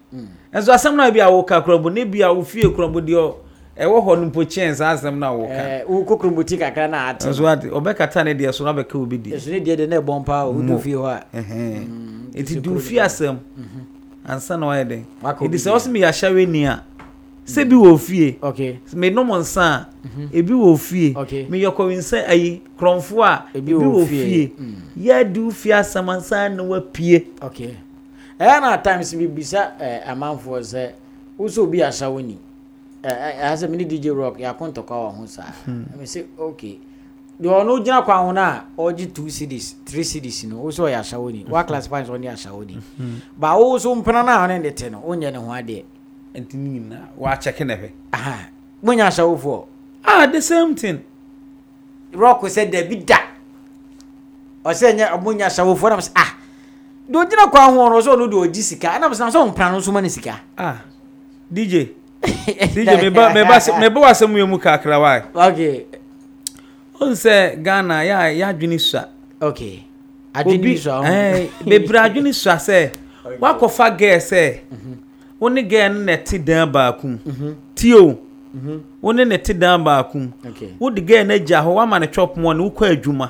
ɛnso asɛm no a bi a wɔka korɔbɔ ne bi a wofie korɔbɔ deɛ ɛwɔ hɔ no mpo kyɛn saa asɛm no a wɔka wokokro eh, mbuti kakra no ate nso ate ɔbɛkata ne deɛ so no abɛka wo bi deɛ ɛso ne deɛ de na ɛbɔ mpa wodu fie hɔ a ɛnti du fie mm, asɛm mhm. ansa na wayɛ den ɛdi sɛ wɔsɛ meyɛ ahyɛwe ni mm. mhm. e a sɛ e bi e wɔ fie menom nsa a ebi wɔ fie meyɛ mm. kɔwinsɛ ayi korɔmfoɔ a ebi wɔ fie yɛadu fie asɛm ansa na wapie ɛyɛ eh, na times bibisa eh, amanfoɔ sɛ wosɛ obi ahyɛwo ni ɛha eh, eh, sɛ mene dj rock yɛako ntɔkwa wɔ ho hmm. saa me sɛ okay deɛ ɔno gyina kwan ho no ɔgye two CDs three CDs no wo sɛ ɔyɛ ahyawoni wa hmm. classify sɛ ɔne ahyawoni ba wo so mpena no a ɔne de te no wonyɛ ne ho adeɛ nti ne nyinaa waakyɛke ne hwɛ aha monya ahyɛwofoɔ ah the same thing rock sɛ dabi da ɔsɛ nyɛ monya ahyɛwofoɔ nam sɛ ah deɛ ɔgyina kwan ho no ɔsɛ ɔno deɛ ɔgye sika ɛnam sɛ sɛ ɔmpena no nso ma ne sika ah dj DJ mebɛ wasɛm yɛ mu kakra wa ɔhu sɛ ghana yɛ adwini sua bebree adwini sua sɛ woakɔfa gɛɛ sɛ wo ne gɛɛ no na ti dan baakom mhm. tio mhm. wo ne ne te dan baakom wode gɛɛ na gya hɔ woama no twɔpomɔ mhm. na wokɔ adwuma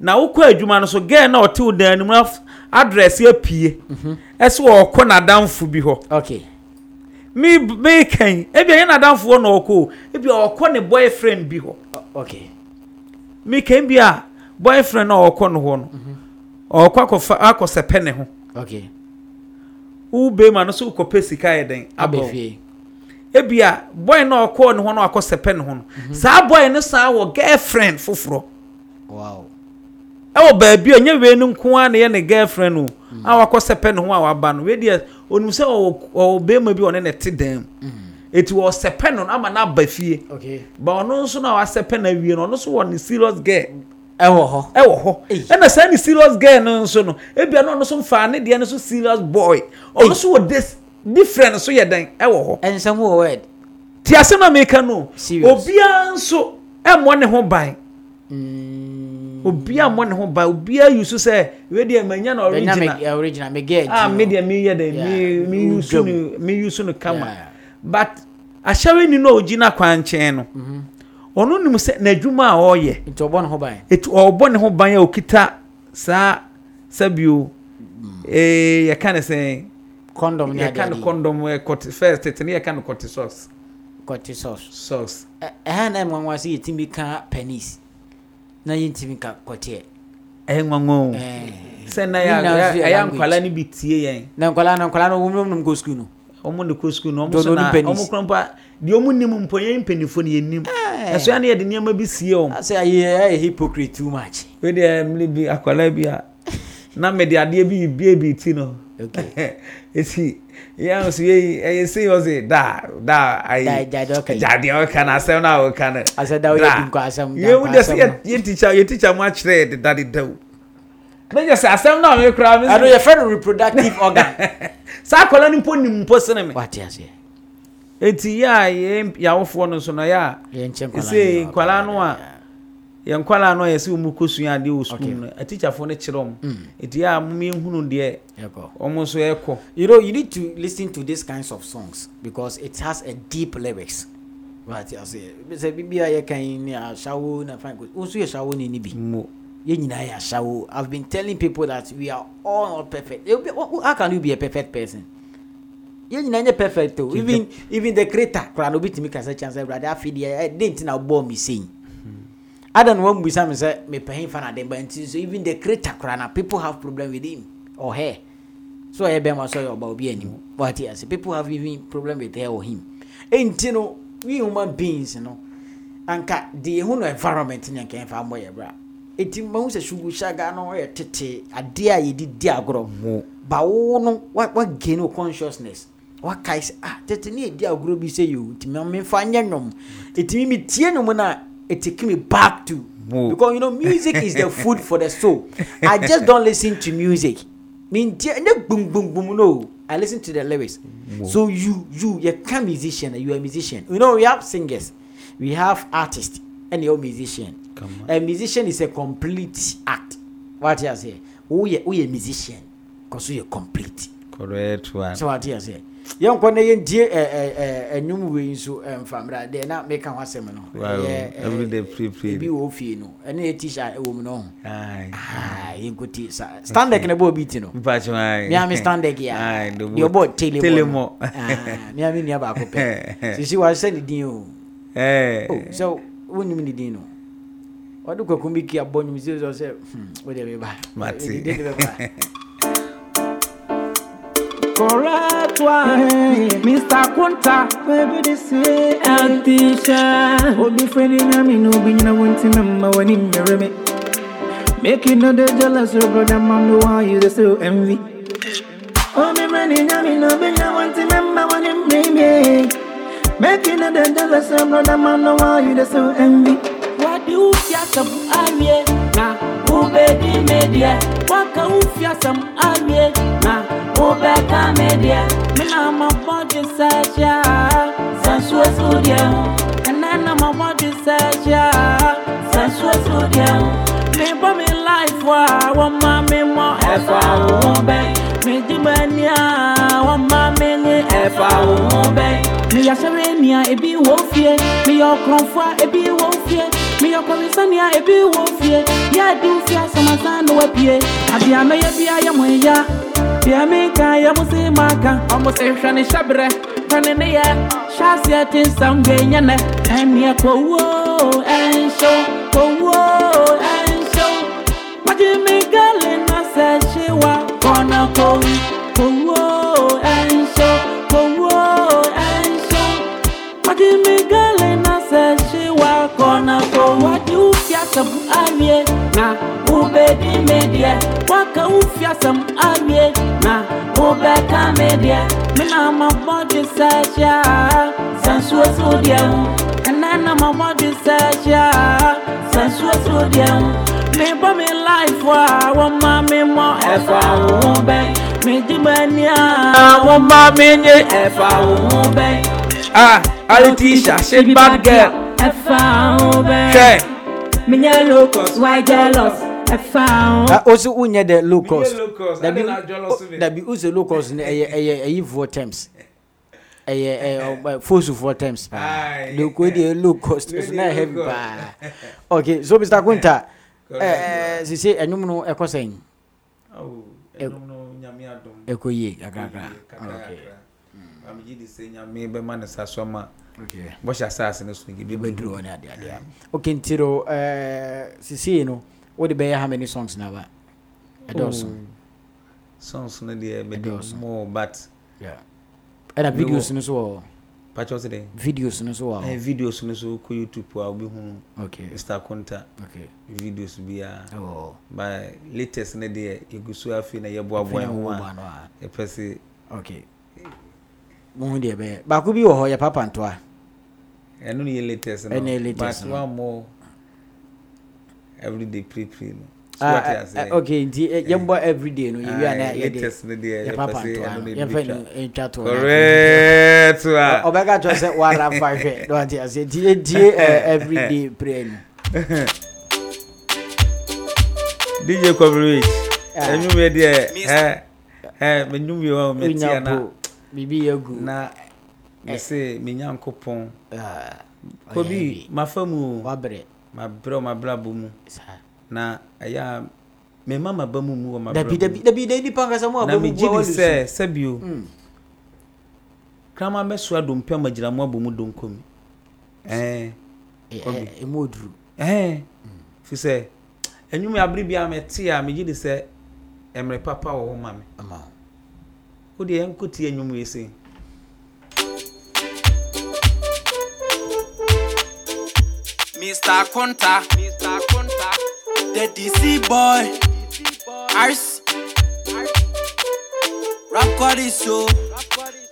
na wokɔ adwuma no so gɛɛ na ɔte wo dan no mu adrɛse apue ɛsɛ wɔ ɔkɔ n'adamfo bi hɔ me mekan ebi enye nadamfoɔ na ɔkɔ ebi ɔkɔ ne boyfriend bi hụ okay mekan bi a boyfriend na ɔkɔ na hɔ no mhm. ɔkɔ akɔfa akɔsɛpɛ ne ho okay ube ma no so kɔpɛ sika yɛ den ebi a boy na ɔkɔ ne ho na akɔsɛpɛ ne hụ no mhm. saa boy na saa wɔ girlfriend foforọ wow ɛwɔ baabi a nyɛ wei no nko ara na yɛ ne girlfriend o a wakɔ sɛpɛ ne ho a waba no wei deɛ onim sɛ ɔwɔ ɔwɔ bɛrima bi ɔne ne te dan mu mm. eti wɔ sɛpɛ no ama na aba fie ba ɔno nso na wasɛpɛ na awie no ɔno nso wɔ ne serious girl ɛwɔ hɔ ɛwɔ hɔ ɛna saa ne serious girl no nso no ebia na ɔno nso mfaa ne deɛ no nso serious boy ɔno nso wɔ this different nso yɛ dan ɛwɔ hɔ ɛnsɛm wɔ word ti asɛm na meka no obiara nso ɛmmɔ ne ho ban. Mm. Hmm. obiara mmɔ ne ho ba obiara yi so sɛ wedeɛ manya na original a medeɛ meyɛ dɛ meyi so no kama but ahyɛwani no a ogyina kwan nkyɛn no mm-hmm. ɔno nim sɛ n'adwuma a ɔreyɛ nti ɔbɔ ne ho ban nti ɔbɔ ne ho ban a okita saa sɛbio mm. ee eh, yɛka ne sɛn kɔndɔm ne adeade yɛka ne kɔndɔm kɔte eh, first tete ne yɛka ne kɔte socks kɔte socks socks ɛha na ɛmɔ nwa yɛtumi ka pennies na yɛntumi ka kɔteɛ ɛyɛ nwanwo sɛ na ɛyɛ nkwala no bi tie yɛn na nkwala no nkwala no wɔm nom kɔ sukuu no wɔn de kɔ sukuu no wɔn so na wɔn kura mpa deɛ wɔn nim mpo yɛn mpanyinfoɔ no yɛn nim ɛso yɛn no yɛde nneɛma bi sie wɔn asɛ ayɛ ayɛ hypocrite too much. wei deɛ mmiri bi akwala bi a na mmɛde adeɛ bi bie bi ti no eti yẹn nso yẹ ẹyẹ sẹ yọ sẹ da da ayi jade ọka na asẹm na ọka na da yẹ mu de sẹ yẹ teacher yẹ teacher mu akyerẹ yẹ deda deda o ne yẹ sẹ asẹm na ọmọ ekura mi. ẹnu yẹ fẹ no reproductive organ. saa akwadaa ni mpo nim mpo sini mi. wati ase. eti yẹ a yẹ yawofoɔ no nso na yẹ a. yẹ nkyɛn nkwadaa no a yɛn nkwalaa no a yɛsɛ wɔn kɔ adeɛ wɔ sukuu no atikyafoɔ no kyerɛ wɔn hmm. eti a wɔn deɛ wɔn nso ɛkɔ. you know you need to listen to these kinds of songs because it has a deep lyrics right ase sɛ bibi a yɛkan ni asawo na fine ko nso yɛ asawo ni ni bi yɛ nyinaa yɛ asawo I've been telling people that we are all not perfect how can you be a perfect person yɛ nyinaa nyɛ perfect o even even the creator kora na obi tumi kasa kyansa awurade afi deɛ ɛdɛ nti na ɔbɔ mi sɛn ada na wamubusa me sɛ mepahin fa naden ba nti so even the creator koraa na people have problem with him or her so ɔyɛ bɛrima so ɔyɛ ɔba obi anim wate ase people have even problem with her or him ɛnti no we human beings no anka deɛ ɛho no environment ne anka ɛmfa mmɔ yɛ bra ɛnti mahu sɛ sugu syaga no ɔyɛ tete adeɛ a yɛde di agorɔ mm. ba wo no gain wo consciousness What sɛ ah tete ne yɛdi agorɔ bi you. yɛo ntimi memfa nyɛ nnwom ɛtumi metie no mu no a it take me back to Whoa. because you know music is the food for the soul i just don't listen to music mean boom boom boom no i listen to the lyrics Whoa. so you you you can musician you a musician you know we have singers we have artists and you're musician a musician is a complete act what you say we are a musician because we are complete correct one so what you say yɛnkɔ na yɛntie ɛnwom wei nso mfamra deɛ na meka ho asɛm no ɛbi wɔ fie no ɛne yɛtisha ɛwɔ mu no ho yɛnkɔti sa standek na ɛbɔɔ bi ti no meame standek a deɛ ɔbɔɔ telemɔ meame nua baako pɛ sisi wa sɛ ne din o oh, sɛ wonim ne din no ɔde kwakum bi ki abɔ nwum sɛ sɛ hmm, wodeɛ meba mate Correct. toi, Mr. Kunta, baby this way. Artisha, Obi Freddy, me no, be no one to remember when he marry me. Make you know the jealous, your brother, mom, know why you just so envy. Oh, me, Freddy, me no, be no one to remember when marry me Make you know the jealous, your brother, mom, know why you just so envy. What do you see as a na ubedi media, waka ufia some awie na wobɛka me deɛ mena mabɔdwe sɛ hyɛ a sansuo so deɛ ho ɛnɛ na mabɔdwe sɛ hyɛ a sansuo so deɛ ho mebɔ me life a wɔma me mmɔ ɛfa wo ho bɛn megye m'ani a wɔma me nye ɛfa wo ho bɛn meyɛ hyɛre ebi wɔ fie meyɛ ɔkorɔmfo a ebi wɔ fie meyɛ kɔmisania ebi wɔ fie yɛ adi mfie asɛmasan na wapie adeɛ a mɛyɛ bia yɛ mo ya Yamika, Yamusimaka, Almost ni Shabre, Tanania, Shasia Tinsam Gayana, and Yako, and show, Kowo, and show. What do you make, Galen? I said, she was going Kowo, and show, Kowo, and show. What do you make? asɛm awie na wobɛdi me deɛ woaka wo fi asɛm awie na wobɛka me deɛ mena mabɔdwe sɛ hyɛ a sansuo so deɛ ho ɛnɛ na mabɔdwe sɛ hyɛ a sansuo so deɛ ho mebɔ me life a wɔma me mmɔ ɛfa wo ho bɛn megye m'ani a wɔma menye ɛfa wo ho bɛn Ah, Alitisha, shit bad girl. Hwɛ menyɛ low cost why jealous osi wunyɛ dɛ low cost dabi dabi uze low cost ni ɛyɛ ɛyɛ ɛyi four terms ɛyɛ ɛyɛ fosu four terms paa doko de low cost so na heavy paa okay so mr kunta ɛɛ sise ɛnum no ɛkɔ sɛn ɛkɔ yie kakra okay am gye di sɛ nyame bɛma ne sa so ma bɔhyɛ asase no so gye bɛduru hɔ ne adeadeɛ eh. ok nti do eh, sisii no wode bɛyɛ how many songs na ba ɛdɔɔso songs no deɛ mede Mo but ɛna videos no so wɔ pakyɛw sɛ dɛn videos no so wɔ eh, videos no so kɔ youtube a wobɛhunu okay. mr conta okay. videos biaa oh. ba latest no deɛ yɛgu so afei na yɛboaboa ho a yɛpɛ sɛ okay mo deɛ bɛyɛ baako bi wɔ hɔ yɛ papa ntoa ɛno ne yɛ latest no ɛno yɛ latest no baako amo everyday pre no ah eh, eh, okay nti eh, yɛmbɔ everyday no yɛ wia ah, na yɛ de yɛ papa ntoa yɛn fɛ no ntwa toɔ correct wa ɔbɛka kyerɛ sɛ wara fa hwɛ na ase tie tie everyday prayer no. dj kɔmiri ɛnwumɛ deɛ ɛ ɛ mɛ nwumɛ wa mɛ tia na biribi yɛ gu na mese me nyankopɔn kobi mafa mu wabrɛ mabrɛ mabrabɔ mu na ɛyɛ a mema maba mu mu wɔ mabrɛdabidabi nipa nkasa mu abɔ mu megye di sɛ sɛ bio krama bɛsoa dompɛ magyina mu abɔ mu donko mi ɛmu ɔduru fi sɛ ɛnwumi abere bi a mete a megye di sɛ mmerɛ papa wɔ hɔ ma me Mr. Conta, Mr. Conta, the DC boy, DC Ars, rap body so,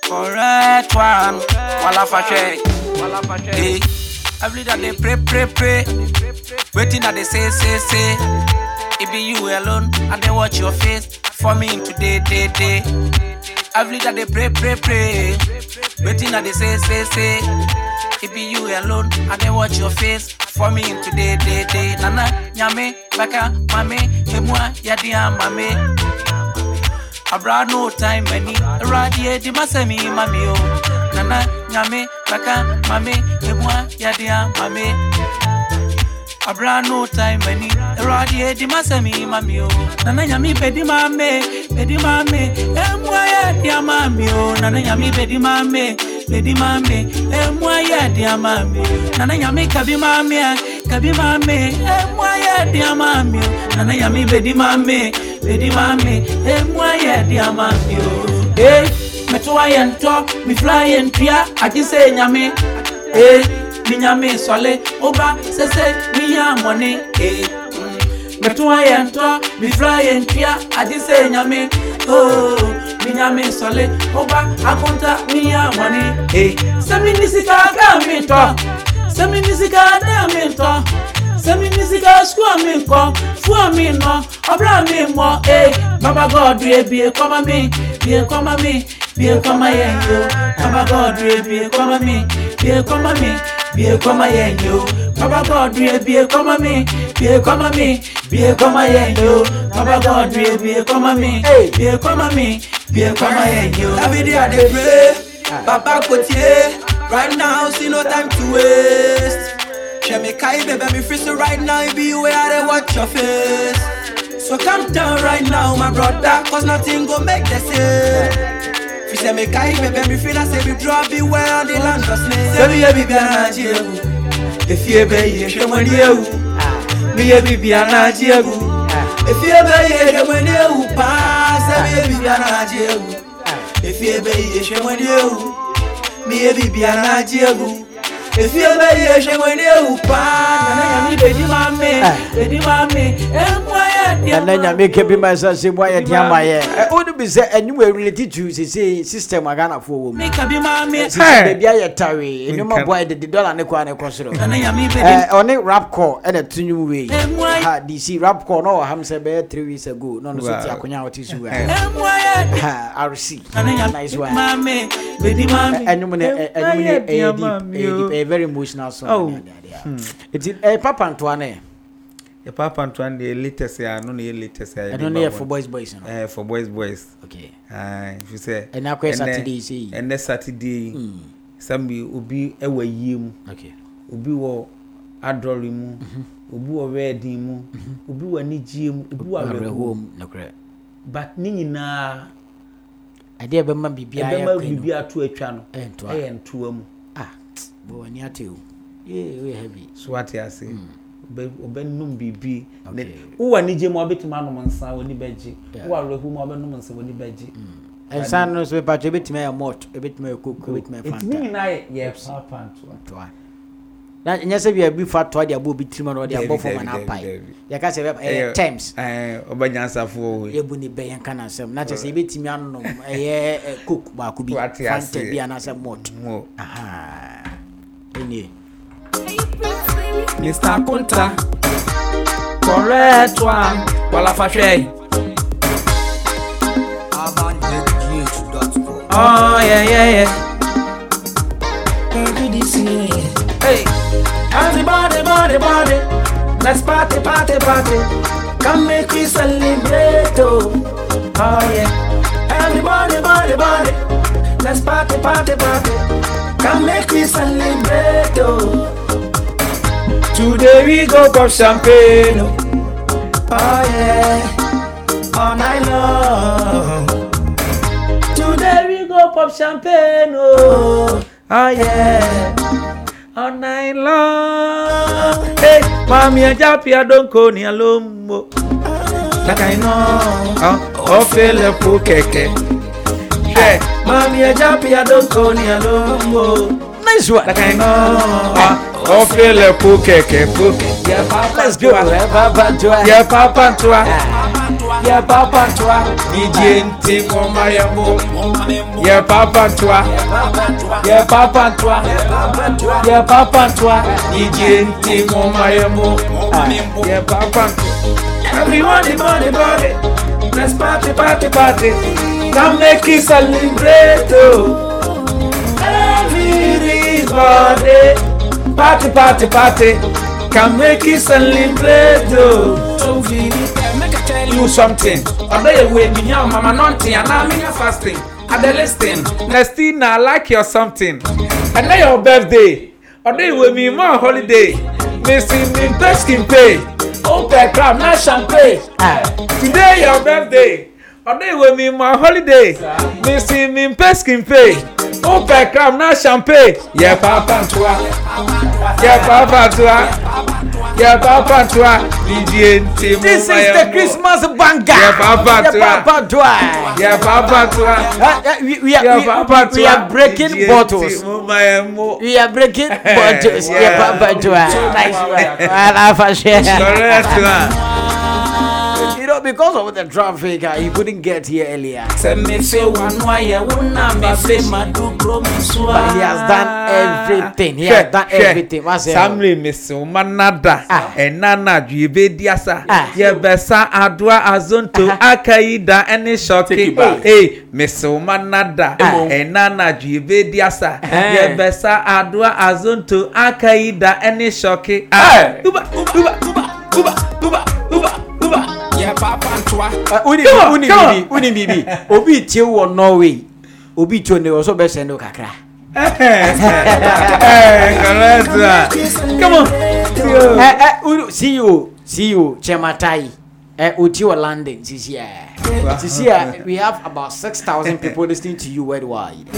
correct one, wala fashe, wala fashe. Hey, every day they pray, pray, pray, waiting that they say, say, say. It be you alone, and they watch your face for me today, day, day. Avli that they pray, pray, pray. Waiting that they say, say, say. It be you alone, I they watch your face. For me in today, day, day. Nana, nyame, baka, mame, emua, yadia, mame. brought no time, many. Radie, di masemi, mami, oh. Nana, nyame, baka, mame, emua, yadia, mame. A brand new time any Radi edi masemi mami o Nana nyami bedi mame Bedi mame Emwa ya dia mami o Nana nyami bedi mame Bedi mame Emwa ya dia mami Nana nyami kabi mame Kabi mame Emwa ya dia mami o Nana nyami bedi mame Bedi mame Emwa ya dia mami o Hey Metoa yento Mi fly yentia Ajise nyame Hey minyame swale oba sese miya mwane eh mm. metua yɛ ntɔ mifra yɛ ntua agye sɛ nyame oo minyame sɔle oba akonta miya mɔne e sɛmi ni sika ka mi ntɔ sɛmi nisika sika da mi ntɔ sɛmi ni sika mi nkɔ fua mi nɔ ɔbra mi mɔ e baba god ye bie kɔma mi bie kɔma mi bie kɔma yɛ yo baba god ye bie kɔma mi bie kɔma mi. bie kɔma yɛn yo papa gɔɔdue bie kɔma mi bie kɔma mi bie kɔma yɛn yo papa gɔɔdue bie kɔma mi bie kɔma mi bie kɔma yɛn yo. Davidi pray, Papa Kotie, right now see no time to waste. Shemi Kai baby me free so right now be where they watch your face. So calm down right now my brother cause nothing go make the same. Fi se me ka ikbe ben mi fila se bi drop bi wè an di lan gosne Se mi ye bi bi an aji ewu Efi ebe ye ke mwen di ewu Mi ye bi bi an aji ewu Efi ebe ye ke mwen di ewu pa Se mi ye bi bi an aji ewu Efi ebe ye ke Mi ye bi bi an efi ebe yi eshe mo ewu paa nana nyami bedi ma mi se mu ayɛ di bi sɛ ɛnimu ewuli ti tu system a ghana fo ayɛ tawe enuma bɔ ayɛ dɔla ne kɔ ne kɔ soro. ɔne eh, rap kɔ ɛna tunum wei ha dc rapcor na ɔham sɛ bɛyɛ three weeks ago eh. na ɔno so te akonnwa a ɔte so rc nice one ɛnwom ne ɛnwom ne ɛyɛ deep ɛyɛ eh, deep ɛyɛ oh. eh, very emotional song Oh, eti a papa ntoa ne yɛ papa ntoa ne yɛ latest yɛ ano the latest yɛ ɛno ne yɛ for boys boys no ɛɛ for boys boys okay ah, If you say. And akɔyɛ saturday yi sɛ yi ɛnɛ saturday yi hmm. sami obi ɛwɔ yie mu obi wɔ adɔre mu. Mm-hmm obi wɔ rɛɛdin mu mhm. obi wɔ anigyeɛ mu obi wɔ awerɛhoɔ mu but ne nyinaa ade a ɛbɛma biribi ayɛ ɛbɛma biribi ato atwa no ɛyɛ ntoa mu ah bɔ wani ate o yee o yɛ heavy so ate ase ɔbɛnum mm. biribi ne wowɔ anigye mu ɔbɛtumi anom nsa w'ani bɛgye wowɔ awerɛhoɔ mu ɔbɛnum nsa w'ani bɛgye mm. nsa no nso bɛpatɔ ebɛtumi ayɛ malt ebɛtumi ayɛ koko ebɛtumi ayɛ fanta ɛtumi nyinaa yɛ yɛ paapantoa na nyɛ sɛ bi abi fa toa de abɔ obi tirim na ɔde abɔ fam na apae yɛka sɛ ɛyɛ terms ɔbɛnyansafoɔ yɛbu ne bɛ yɛnka no asɛm na kyɛ sɛ yɛbɛtumi anom ɛyɛ coke baako bi fanta bi anaasɛ mot mm, ɛnie mr Kunta, correct one walafahwɛ Oh, yeah, yeah, yeah. Hey, hands body, body, body. Let's party, party, party. Come make we celebrate, oh, oh yeah. Everybody, body, body. Let's party, party, party. Come make we celebrate, oh. Today we go pop champagne, oh, oh yeah. All night long. Today we go pop champagne, oh, oh, oh yeah. all night long. Hey, mommy and Jappy, I don't call me alone. Like I know, uh, oh, feel a keke. Hey, mommy and Jappy, I don't call me alone. Nice one. Like I know, oh. Offrez les pour quelqu'un. Pour... Yeah, papa, Let's go. Y'a papa, toi. Y'a papa, toi. Y'a papa, toi. DJ Nti, mama ya mo. Y'a papa, toi. Y'a papa, toi. Y'a papa, toi. DJ Nti, mama ya mo. Yeah, papa, toi. papa the money, money. Let's party, party, party. Now make it Party, party, party. Can make it celebrate, oh. Make I tell you something. Although you wait me here, mama, nothing. And I'm in fasting. And they listen. Nestina, I like your something. And now your birthday. Although you wait me more holiday. Missing me, best can pay. Open crab, not champagne. Ah, today your birthday ọdún ìwé mi mọ holiday mi sin mi peskin pay ó pẹ náà champagne yẹ pàápàá tó wa. Yeah, papa to Yeah, Your papa to her. DJ Timo. This is the Christmas banger. Yeah, papa to Yeah, papa to Yeah, papa eh, to We are we, papa we are breaking eh, bottles. we are breaking bottles. yeah. papa to Nice one. I love her. Correct one know, because of the traffic, uh, he couldn't get here earlier. But he has done everything. He has done everything. What's Samri missing manada and ah. nana jubediasa. Ah. Yebesa adwa azonto ah. akaida any shot Hey, missing manada and nana jubediasa. Eh. Yebesa adwa azonto akaida any shocky. Eh. Uba, uba, uba, uba, uba papa ntoa. wuni wuni bibi wuni bibi obi tie wɔ norway obi tie ne wɔ so bɛ sɛn ne kakra. correct. come on. CEO CEO Chematai oti eh, wɔ london sisi ɛ sisi ɛ we have about six thousand people listening to you worldwide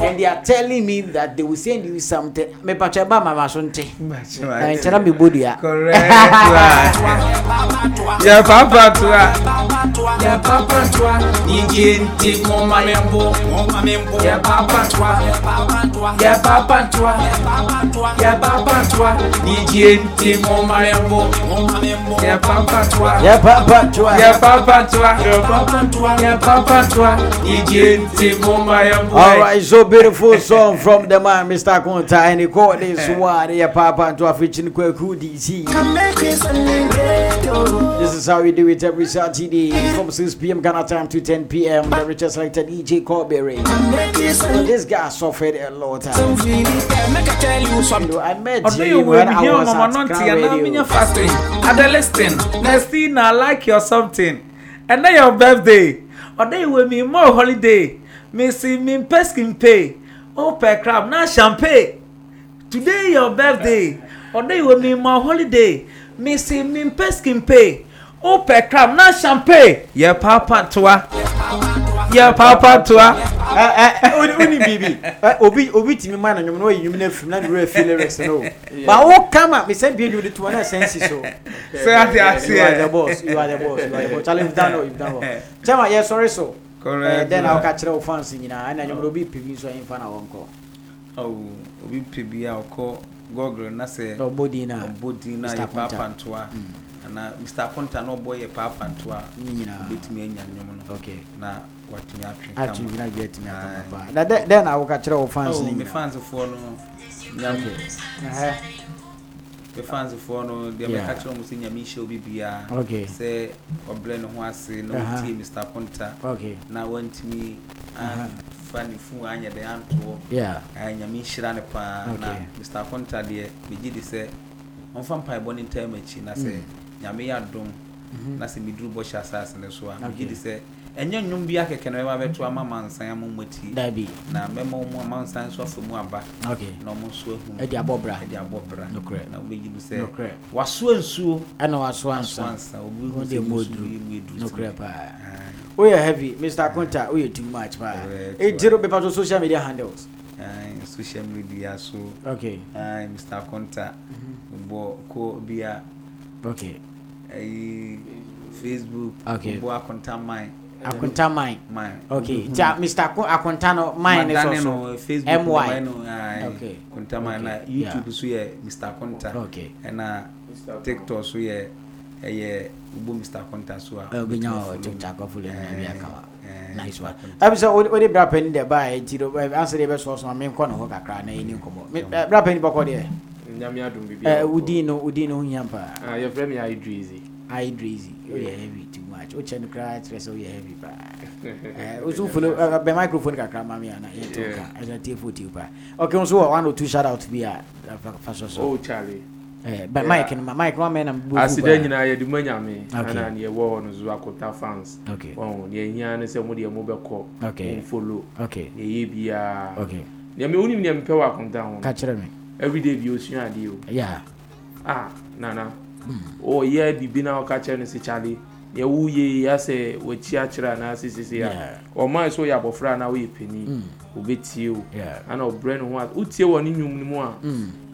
and they are telling me that they will send you something mepatwa ba mama so nte na nkyɛn mi bɔ ya. correct yɛ papa to a. toi, y'a pas par toi, Nigel, t'es mon mamembo, mon mamembo, y'a pas par toi, y'a pas par toi, y'a pas par toi, Nigel, t'es mon mamembo, mon mamembo, y'a pas par toi, y'a pas par toi, y'a pas par toi, y'a pas par toi, y'a pas par toi, Nigel, t'es mon mamembo. All right, so beautiful song from the man, Mr. Kunta, and he called this eh. one, y'a pas par toi, featuring Kweku DC. This is how we do it every Saturday. from 6 p.m. Ghana time to 10 p.m. The richest selector E.J. Corberry. This guy suffered a lot. You know, I met you when I was at Crown Adolescent, next thing I like your something. And then your birthday. Or then you will be more holiday. Missy, me peskin pay. Oh, per crab, not champagne. Today your birthday. Or then you will be more holiday. Missy, me peskin pay wopɛ kram na champagne yɛ papa, toa yɛ papa, toa. woni biribi obi obi tumi ma na nwom na ɔyɛ nwom no afirim na ne werɛ afie lyrics no ba wo kama mesɛ bie nwom de toa na ɛsɛn si so sɛ ate aseɛ kyɛma yɛsɔre so dɛn na woka kyerɛ wo fans nyinaa ɛna nwom no obi pɛ bi nso ɛmfa na wɔnkɔ obi pɛ bi a ɔkɔ gogre na sɛ ɔbɔ din na ɔbɔ din na yɛ papa ntoa na mr conta na ɔbɔ yɛ paafanto a wobɛtumi anya nnwom no na watumi atwenatumi atumi na kyerɛ wo fans no me fansfoɔ no nyame me fansfoɔ no deɛ mɛka kyerɛ mu sɛ nyame nhyɛ wo bibiaa sɛ ɔbrɛ ne ho ase na wotie mr conta na wantumi fa ne fu anyɛ dɛn antoɔ nyame nhyira ne paa na mr conta deɛ megye di sɛ ɔmfa mpaebɔ ne ntam akyi na sɛ mm. nyame yɛ adom mhm. na sɛ meduru bɔhyɛ asase no so a megye di sɛ ɛnyɛ nnwom bi akɛkɛ no bɛba bɛto ama mansan ama mmati na mɛma mu amansan nso afa mu aba na ɔmo nso ahu ɛde abɔ bra ɛde abɔ na wobɛyi mu sɛ wasoa nsuo ɛna wasoa nsa nsa obi hu sɛ mu aduru mu heavy mr konta woyɛ too much paa ɛgyero bɛpa so social media handles social media so okay uh, mr konta mm -hmm. bɔ ko bia okay ɛyi facebook okay gbogbo akonta mine. akonta mine Ok, okay nti mm -hmm. mr akonta no mine ne sɔsɔ no facebook my no ayi akonta mine na youtube so yɛ mr akonta okay ɛna tiktok so yɛ ɛyɛ e gbogbo mr akonta so a. ɛɛ e, o bɛ nya eh, eh, o tiktok kɔ fúlẹ̀ ní ɛbí akaba nice one ɛbi sɛ o de bra pɛni de ba yɛ e, ti do ɛbi ansa de bɛ sɔsɔ mi nkɔ ne o kakra na yɛ ni nkɔmɔ eh, bra pɛni bɔkɔ deɛ nyame adom bibia eh, wodin no Udi no ho hia paa ah, yɛfrɛ me idreasy idreasy woyɛ heavy too much wokyɛ no koraa kyerɛ sɛ woyɛ heavy paa woso folo bɛ microphone kakra ma me ana yɛtoka ɛsɛ tiefo tio paa okay nso wɔ one or oh two shout out bi a eh, fa so so oh charlie eh, but Mike and Mike one man and Accident in I do money me and on your wall on Zuakota fans. Okay. Oh, near Yan is a moody mobile call. Okay. Follow. Okay. Yeah, be a okay. Near me only near Pewa come down. Catch me. everyday bi osua adeɛ o a nana. nana ɔyɛ biribi na ɔka kyerɛ hmm. no sɛ kyale yɛ woyɛ yɛ sɛ wɔakyi akyerɛ anaa sesese a ɔman sɛ woyɛ abɔfra anaa woyɛ pani wobɛtie o ana ɔbrɛ no ho a wotie wɔ ne nwum no mu a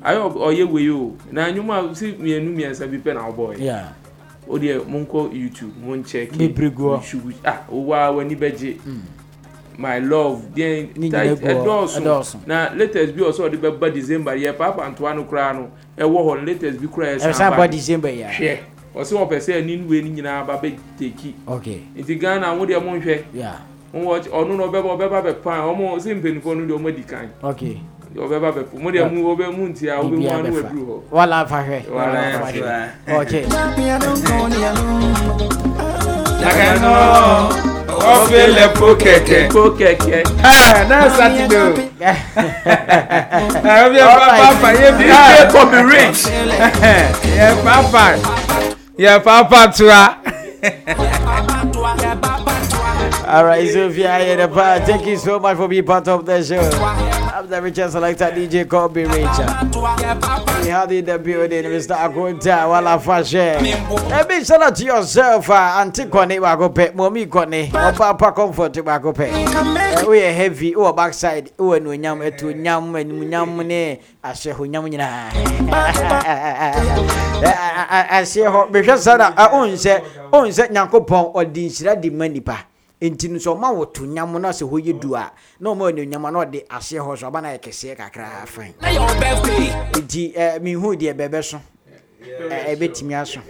ayɛ ɔyɛ wei o na nwum a sɛ mmienu mmiɛnsa e bi pɛ na wobɔɔyɛ wodeɛ monkɔ youtube monkyɛ kebregu ah wowa w'ani bɛgye mm. my love deɛ ɛdɔɔso na latest bi ɔsɛ ɔde bɛba december yɛ papa ntoa no koraa no ɛwɔ hɔ no latest bi koraa ɛsan ba december yɛ hwɛ ɔsɛ ɔpɛ sɛ ɛni nue no nyinaa ba bɛ teki nti ghana mo deɛ mo nhwɛ ɔno na ɔbɛba ɔbɛba bɛ pan ɔmo sɛ mpanyinfoɔ no deɛ ɔmo adi kan ɔbɛba bɛ pan mo deɛ mo ɔbɛ mu nti a ɔbɛ mu anu aduru hɔ. wala afa hwɛ wala afa hwɛ ok. ọ̀fẹ́ lẹ po kẹ̀kẹ́. po kẹ̀kẹ́. náà sátidé o. ọ̀fẹ́ pàápàá yẹ bí ike kò mi rich. yẹ pàápàá yẹ pàápàá tura. All right, Sophia, here the part. Thank you so much for being part of the show. I'm the richest selector DJ Kobe Richard. He had in the building, Mr. Akunta Wala Fashe. A big shout out to yourself, uh, Auntie Kone Wagope, Mommy Kone, or Papa Comfort Wagope. We are heavy, Oh backside, or no yam, to yam, and yamune, I say, who yamina. I say, because I own, say, own, say, Nankopon, or Dinshira, the money pa nti nso ɔma woto nyam na sɛ hɔ yɛ du a na ɔma anuonyam na ɔde aseɛ hɔ so ɔba no ayɛ kɛseɛ kakraa fan nti menhu deɛ bɛbɛ so ɛbɛtumi aso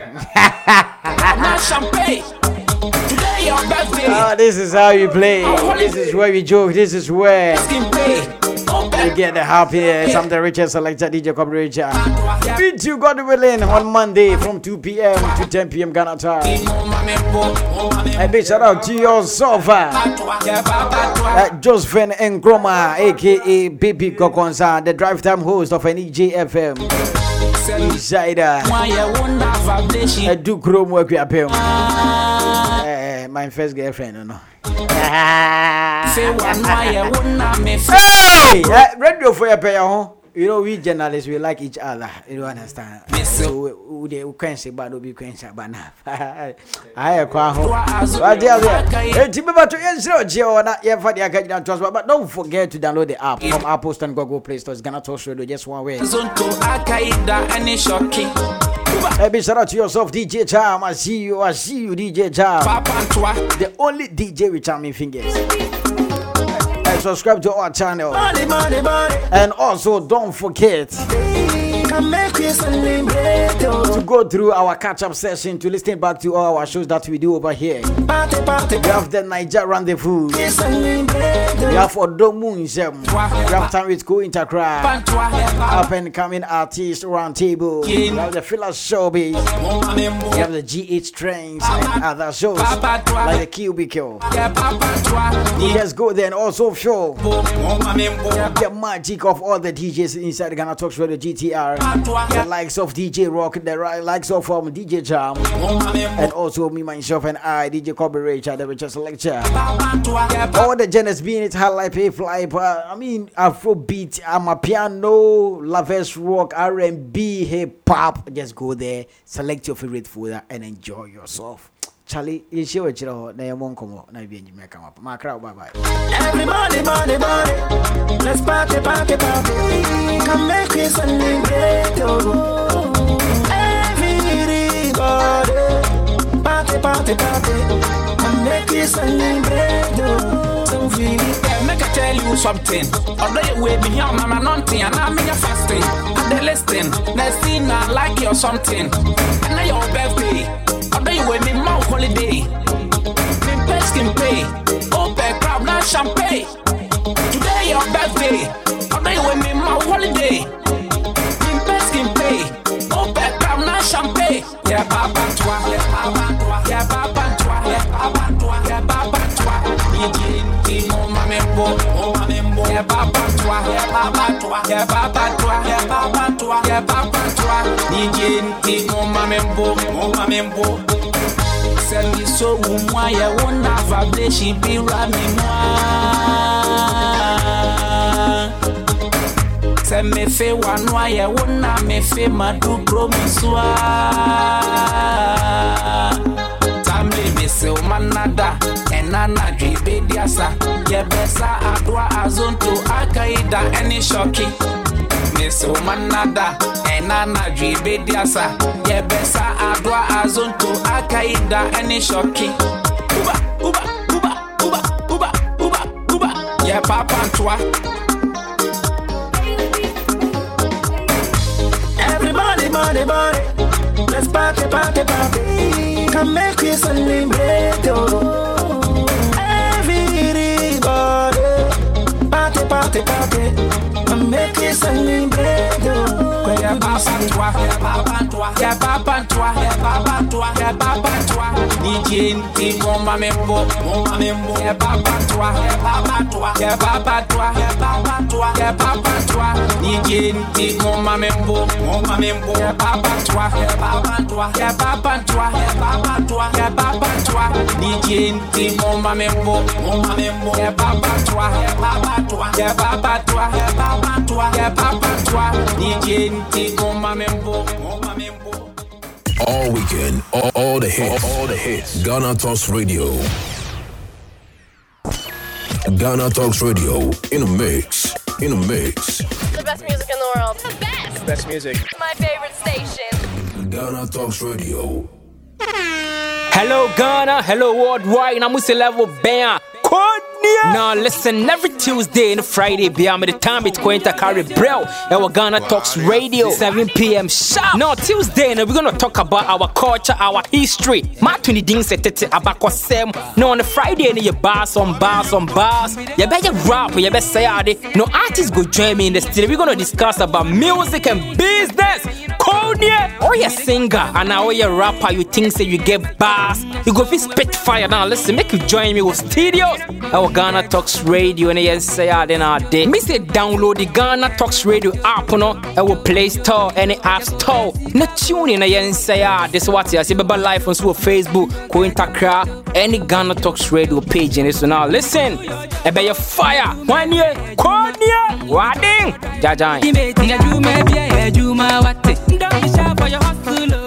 Oh, this is how you play. This is where we joke. This is where. You get the happy I'm eh, the richest selector DJ Cobb Richard. Meet you God willing on Monday from 2 p.m. to 10 p.m. Ghana time. A big shout out to yourself, uh, Josephine Nkroma, aka Baby Kokonsa, the drive time host of an EJFM. Insider. A Duke chrome work we are my first girlfriend no. hey, radio for your pay ho. You know we journalists we like each other. You understand. So we we quench but we quench but na. Aye kwa ho. But there there. Hey, tipe bato yensiro je ona yefa dia kajina to but don't forget to download the app from Apple Store and Google Play Store. It's gonna talk radio just one way. Hey, be shout out to yourself, DJ Charm. I see you, I see you, DJ Charm. The only DJ with charming fingers. And subscribe to our channel. And also, don't forget to go through our catch-up session to listen back to all our shows that we do over here. We have the Niger Rendezvous. We have Odomu We have Time with Cool Intercry. Up and coming artist roundtable. We have the Phyllis Showbiz. We have the GH Trains and other shows like the Cubicle. Let's go then. Also show the magic of all the DJs inside Ghana Talks Radio GTR. The likes of DJ Rock, the likes of um, DJ Jam, and also me, myself, and I, DJ Kobe Rich, the richest lecture. All the genres being it, high life, hip life, uh, I mean, Afrobeat, I'm a piano, lovers rock, R&B, hip hop. Just go there, select your favorite folder, and enjoy yourself. Charlie, you show it, you know, they won't come up. Now you're bye bye. Everybody, body, body. Let's party, party, party. Come make it Sunday, get Everybody, party, party, party. Come make it Sunday, get Don't feel it. Make I tell you something. Although you way beyond, I'm an and I'm in your fasting. I'm the listening. Next thing I like you something. And now your birthday holiday. Been pesking pay, open crowd, not champagne. Today your birthday, I'm day with me my holiday. Been pesking pay, open crowd, not champagne. Yeah, papa toi, yeah, papa toi, yeah, papa toi, yeah, papa toi, yeah, papa toi. DJ, DJ, mon mamembo, mon mamembo. Yeah, papa toi, yeah, papa toi, yeah, papa toi, yeah, papa toi, yeah, papa toi. DJ, DJ, mon mamembo, mon mamembo send me so why I won't have a day she be ramming Send me fe one why I won't have me fe my do promise family me se manada enana dwe be yebesa adwa azonto akaida any shocky this woman nada enana dwibe diasa yɛbɛsa adoa azonto akaida ɛne shɔki uba uba uba uba uba uba uba yɛ papa ntoa Everybody, body, body, let's party, party, party. Come make we celebrate, oh. Everybody, party, party, party qui sont libres d'eau. Y'a pas pas toi, y'a pas pas toi, y'a pas pas toi, y'a pas pas toi, Kinti Mon mamembo Mon mamembo Y'a pas pas toi Y'a pas pas toi Y'a pas pas toi Y'a pas pas toi Y'a pas pas toi Ni kinti Mon mamembo Mon mamembo Y'a pas pas toi Y'a pas pas toi Y'a pas pas toi Y'a pas pas toi Y'a pas pas toi Ni kinti Mon mamembo Mon mamembo Y'a pas pas toi Y'a pas pas toi Y'a pas pas toi Y'a pas toi Y'a pas toi Ni kinti Mon mamembo Mon mamembo all weekend, all, all the hits. All, all, the hits. Ghana Talks Radio. Ghana Talks Radio in a mix. In a mix. The best music in the world. The best. The best music. My favorite station. Ghana Talks Radio. Hello Ghana, hello worldwide. Namusi level band. Now listen, every Tuesday and Friday, beyond the time it's going to carry bro. And we're gonna talk radio, 7 p.m. sharp. Now Tuesday, and we're gonna talk about our culture, our history. Matuni ding about abako same. Now on the Friday, and you bars on bars on bars. You better rap, you better say No artists go join me in the studio. We're gonna discuss about music and business. Konya, or oh, your singer, and now your rapper, you think say you get bars. You go be spit fire. Now listen, make you join me with studios. Oh, Ghana Talks Radio and yes say I ah, then I did. Me say download the Ghana Talks Radio app on our Play Store and App Store. Na tune in yes say I ah, this what you see. beba life on so Facebook, ko intakra any Ghana Talks Radio page in so now listen. be your fire. One year, Konya, Wading, Jajan. Don't be shy for your hustle.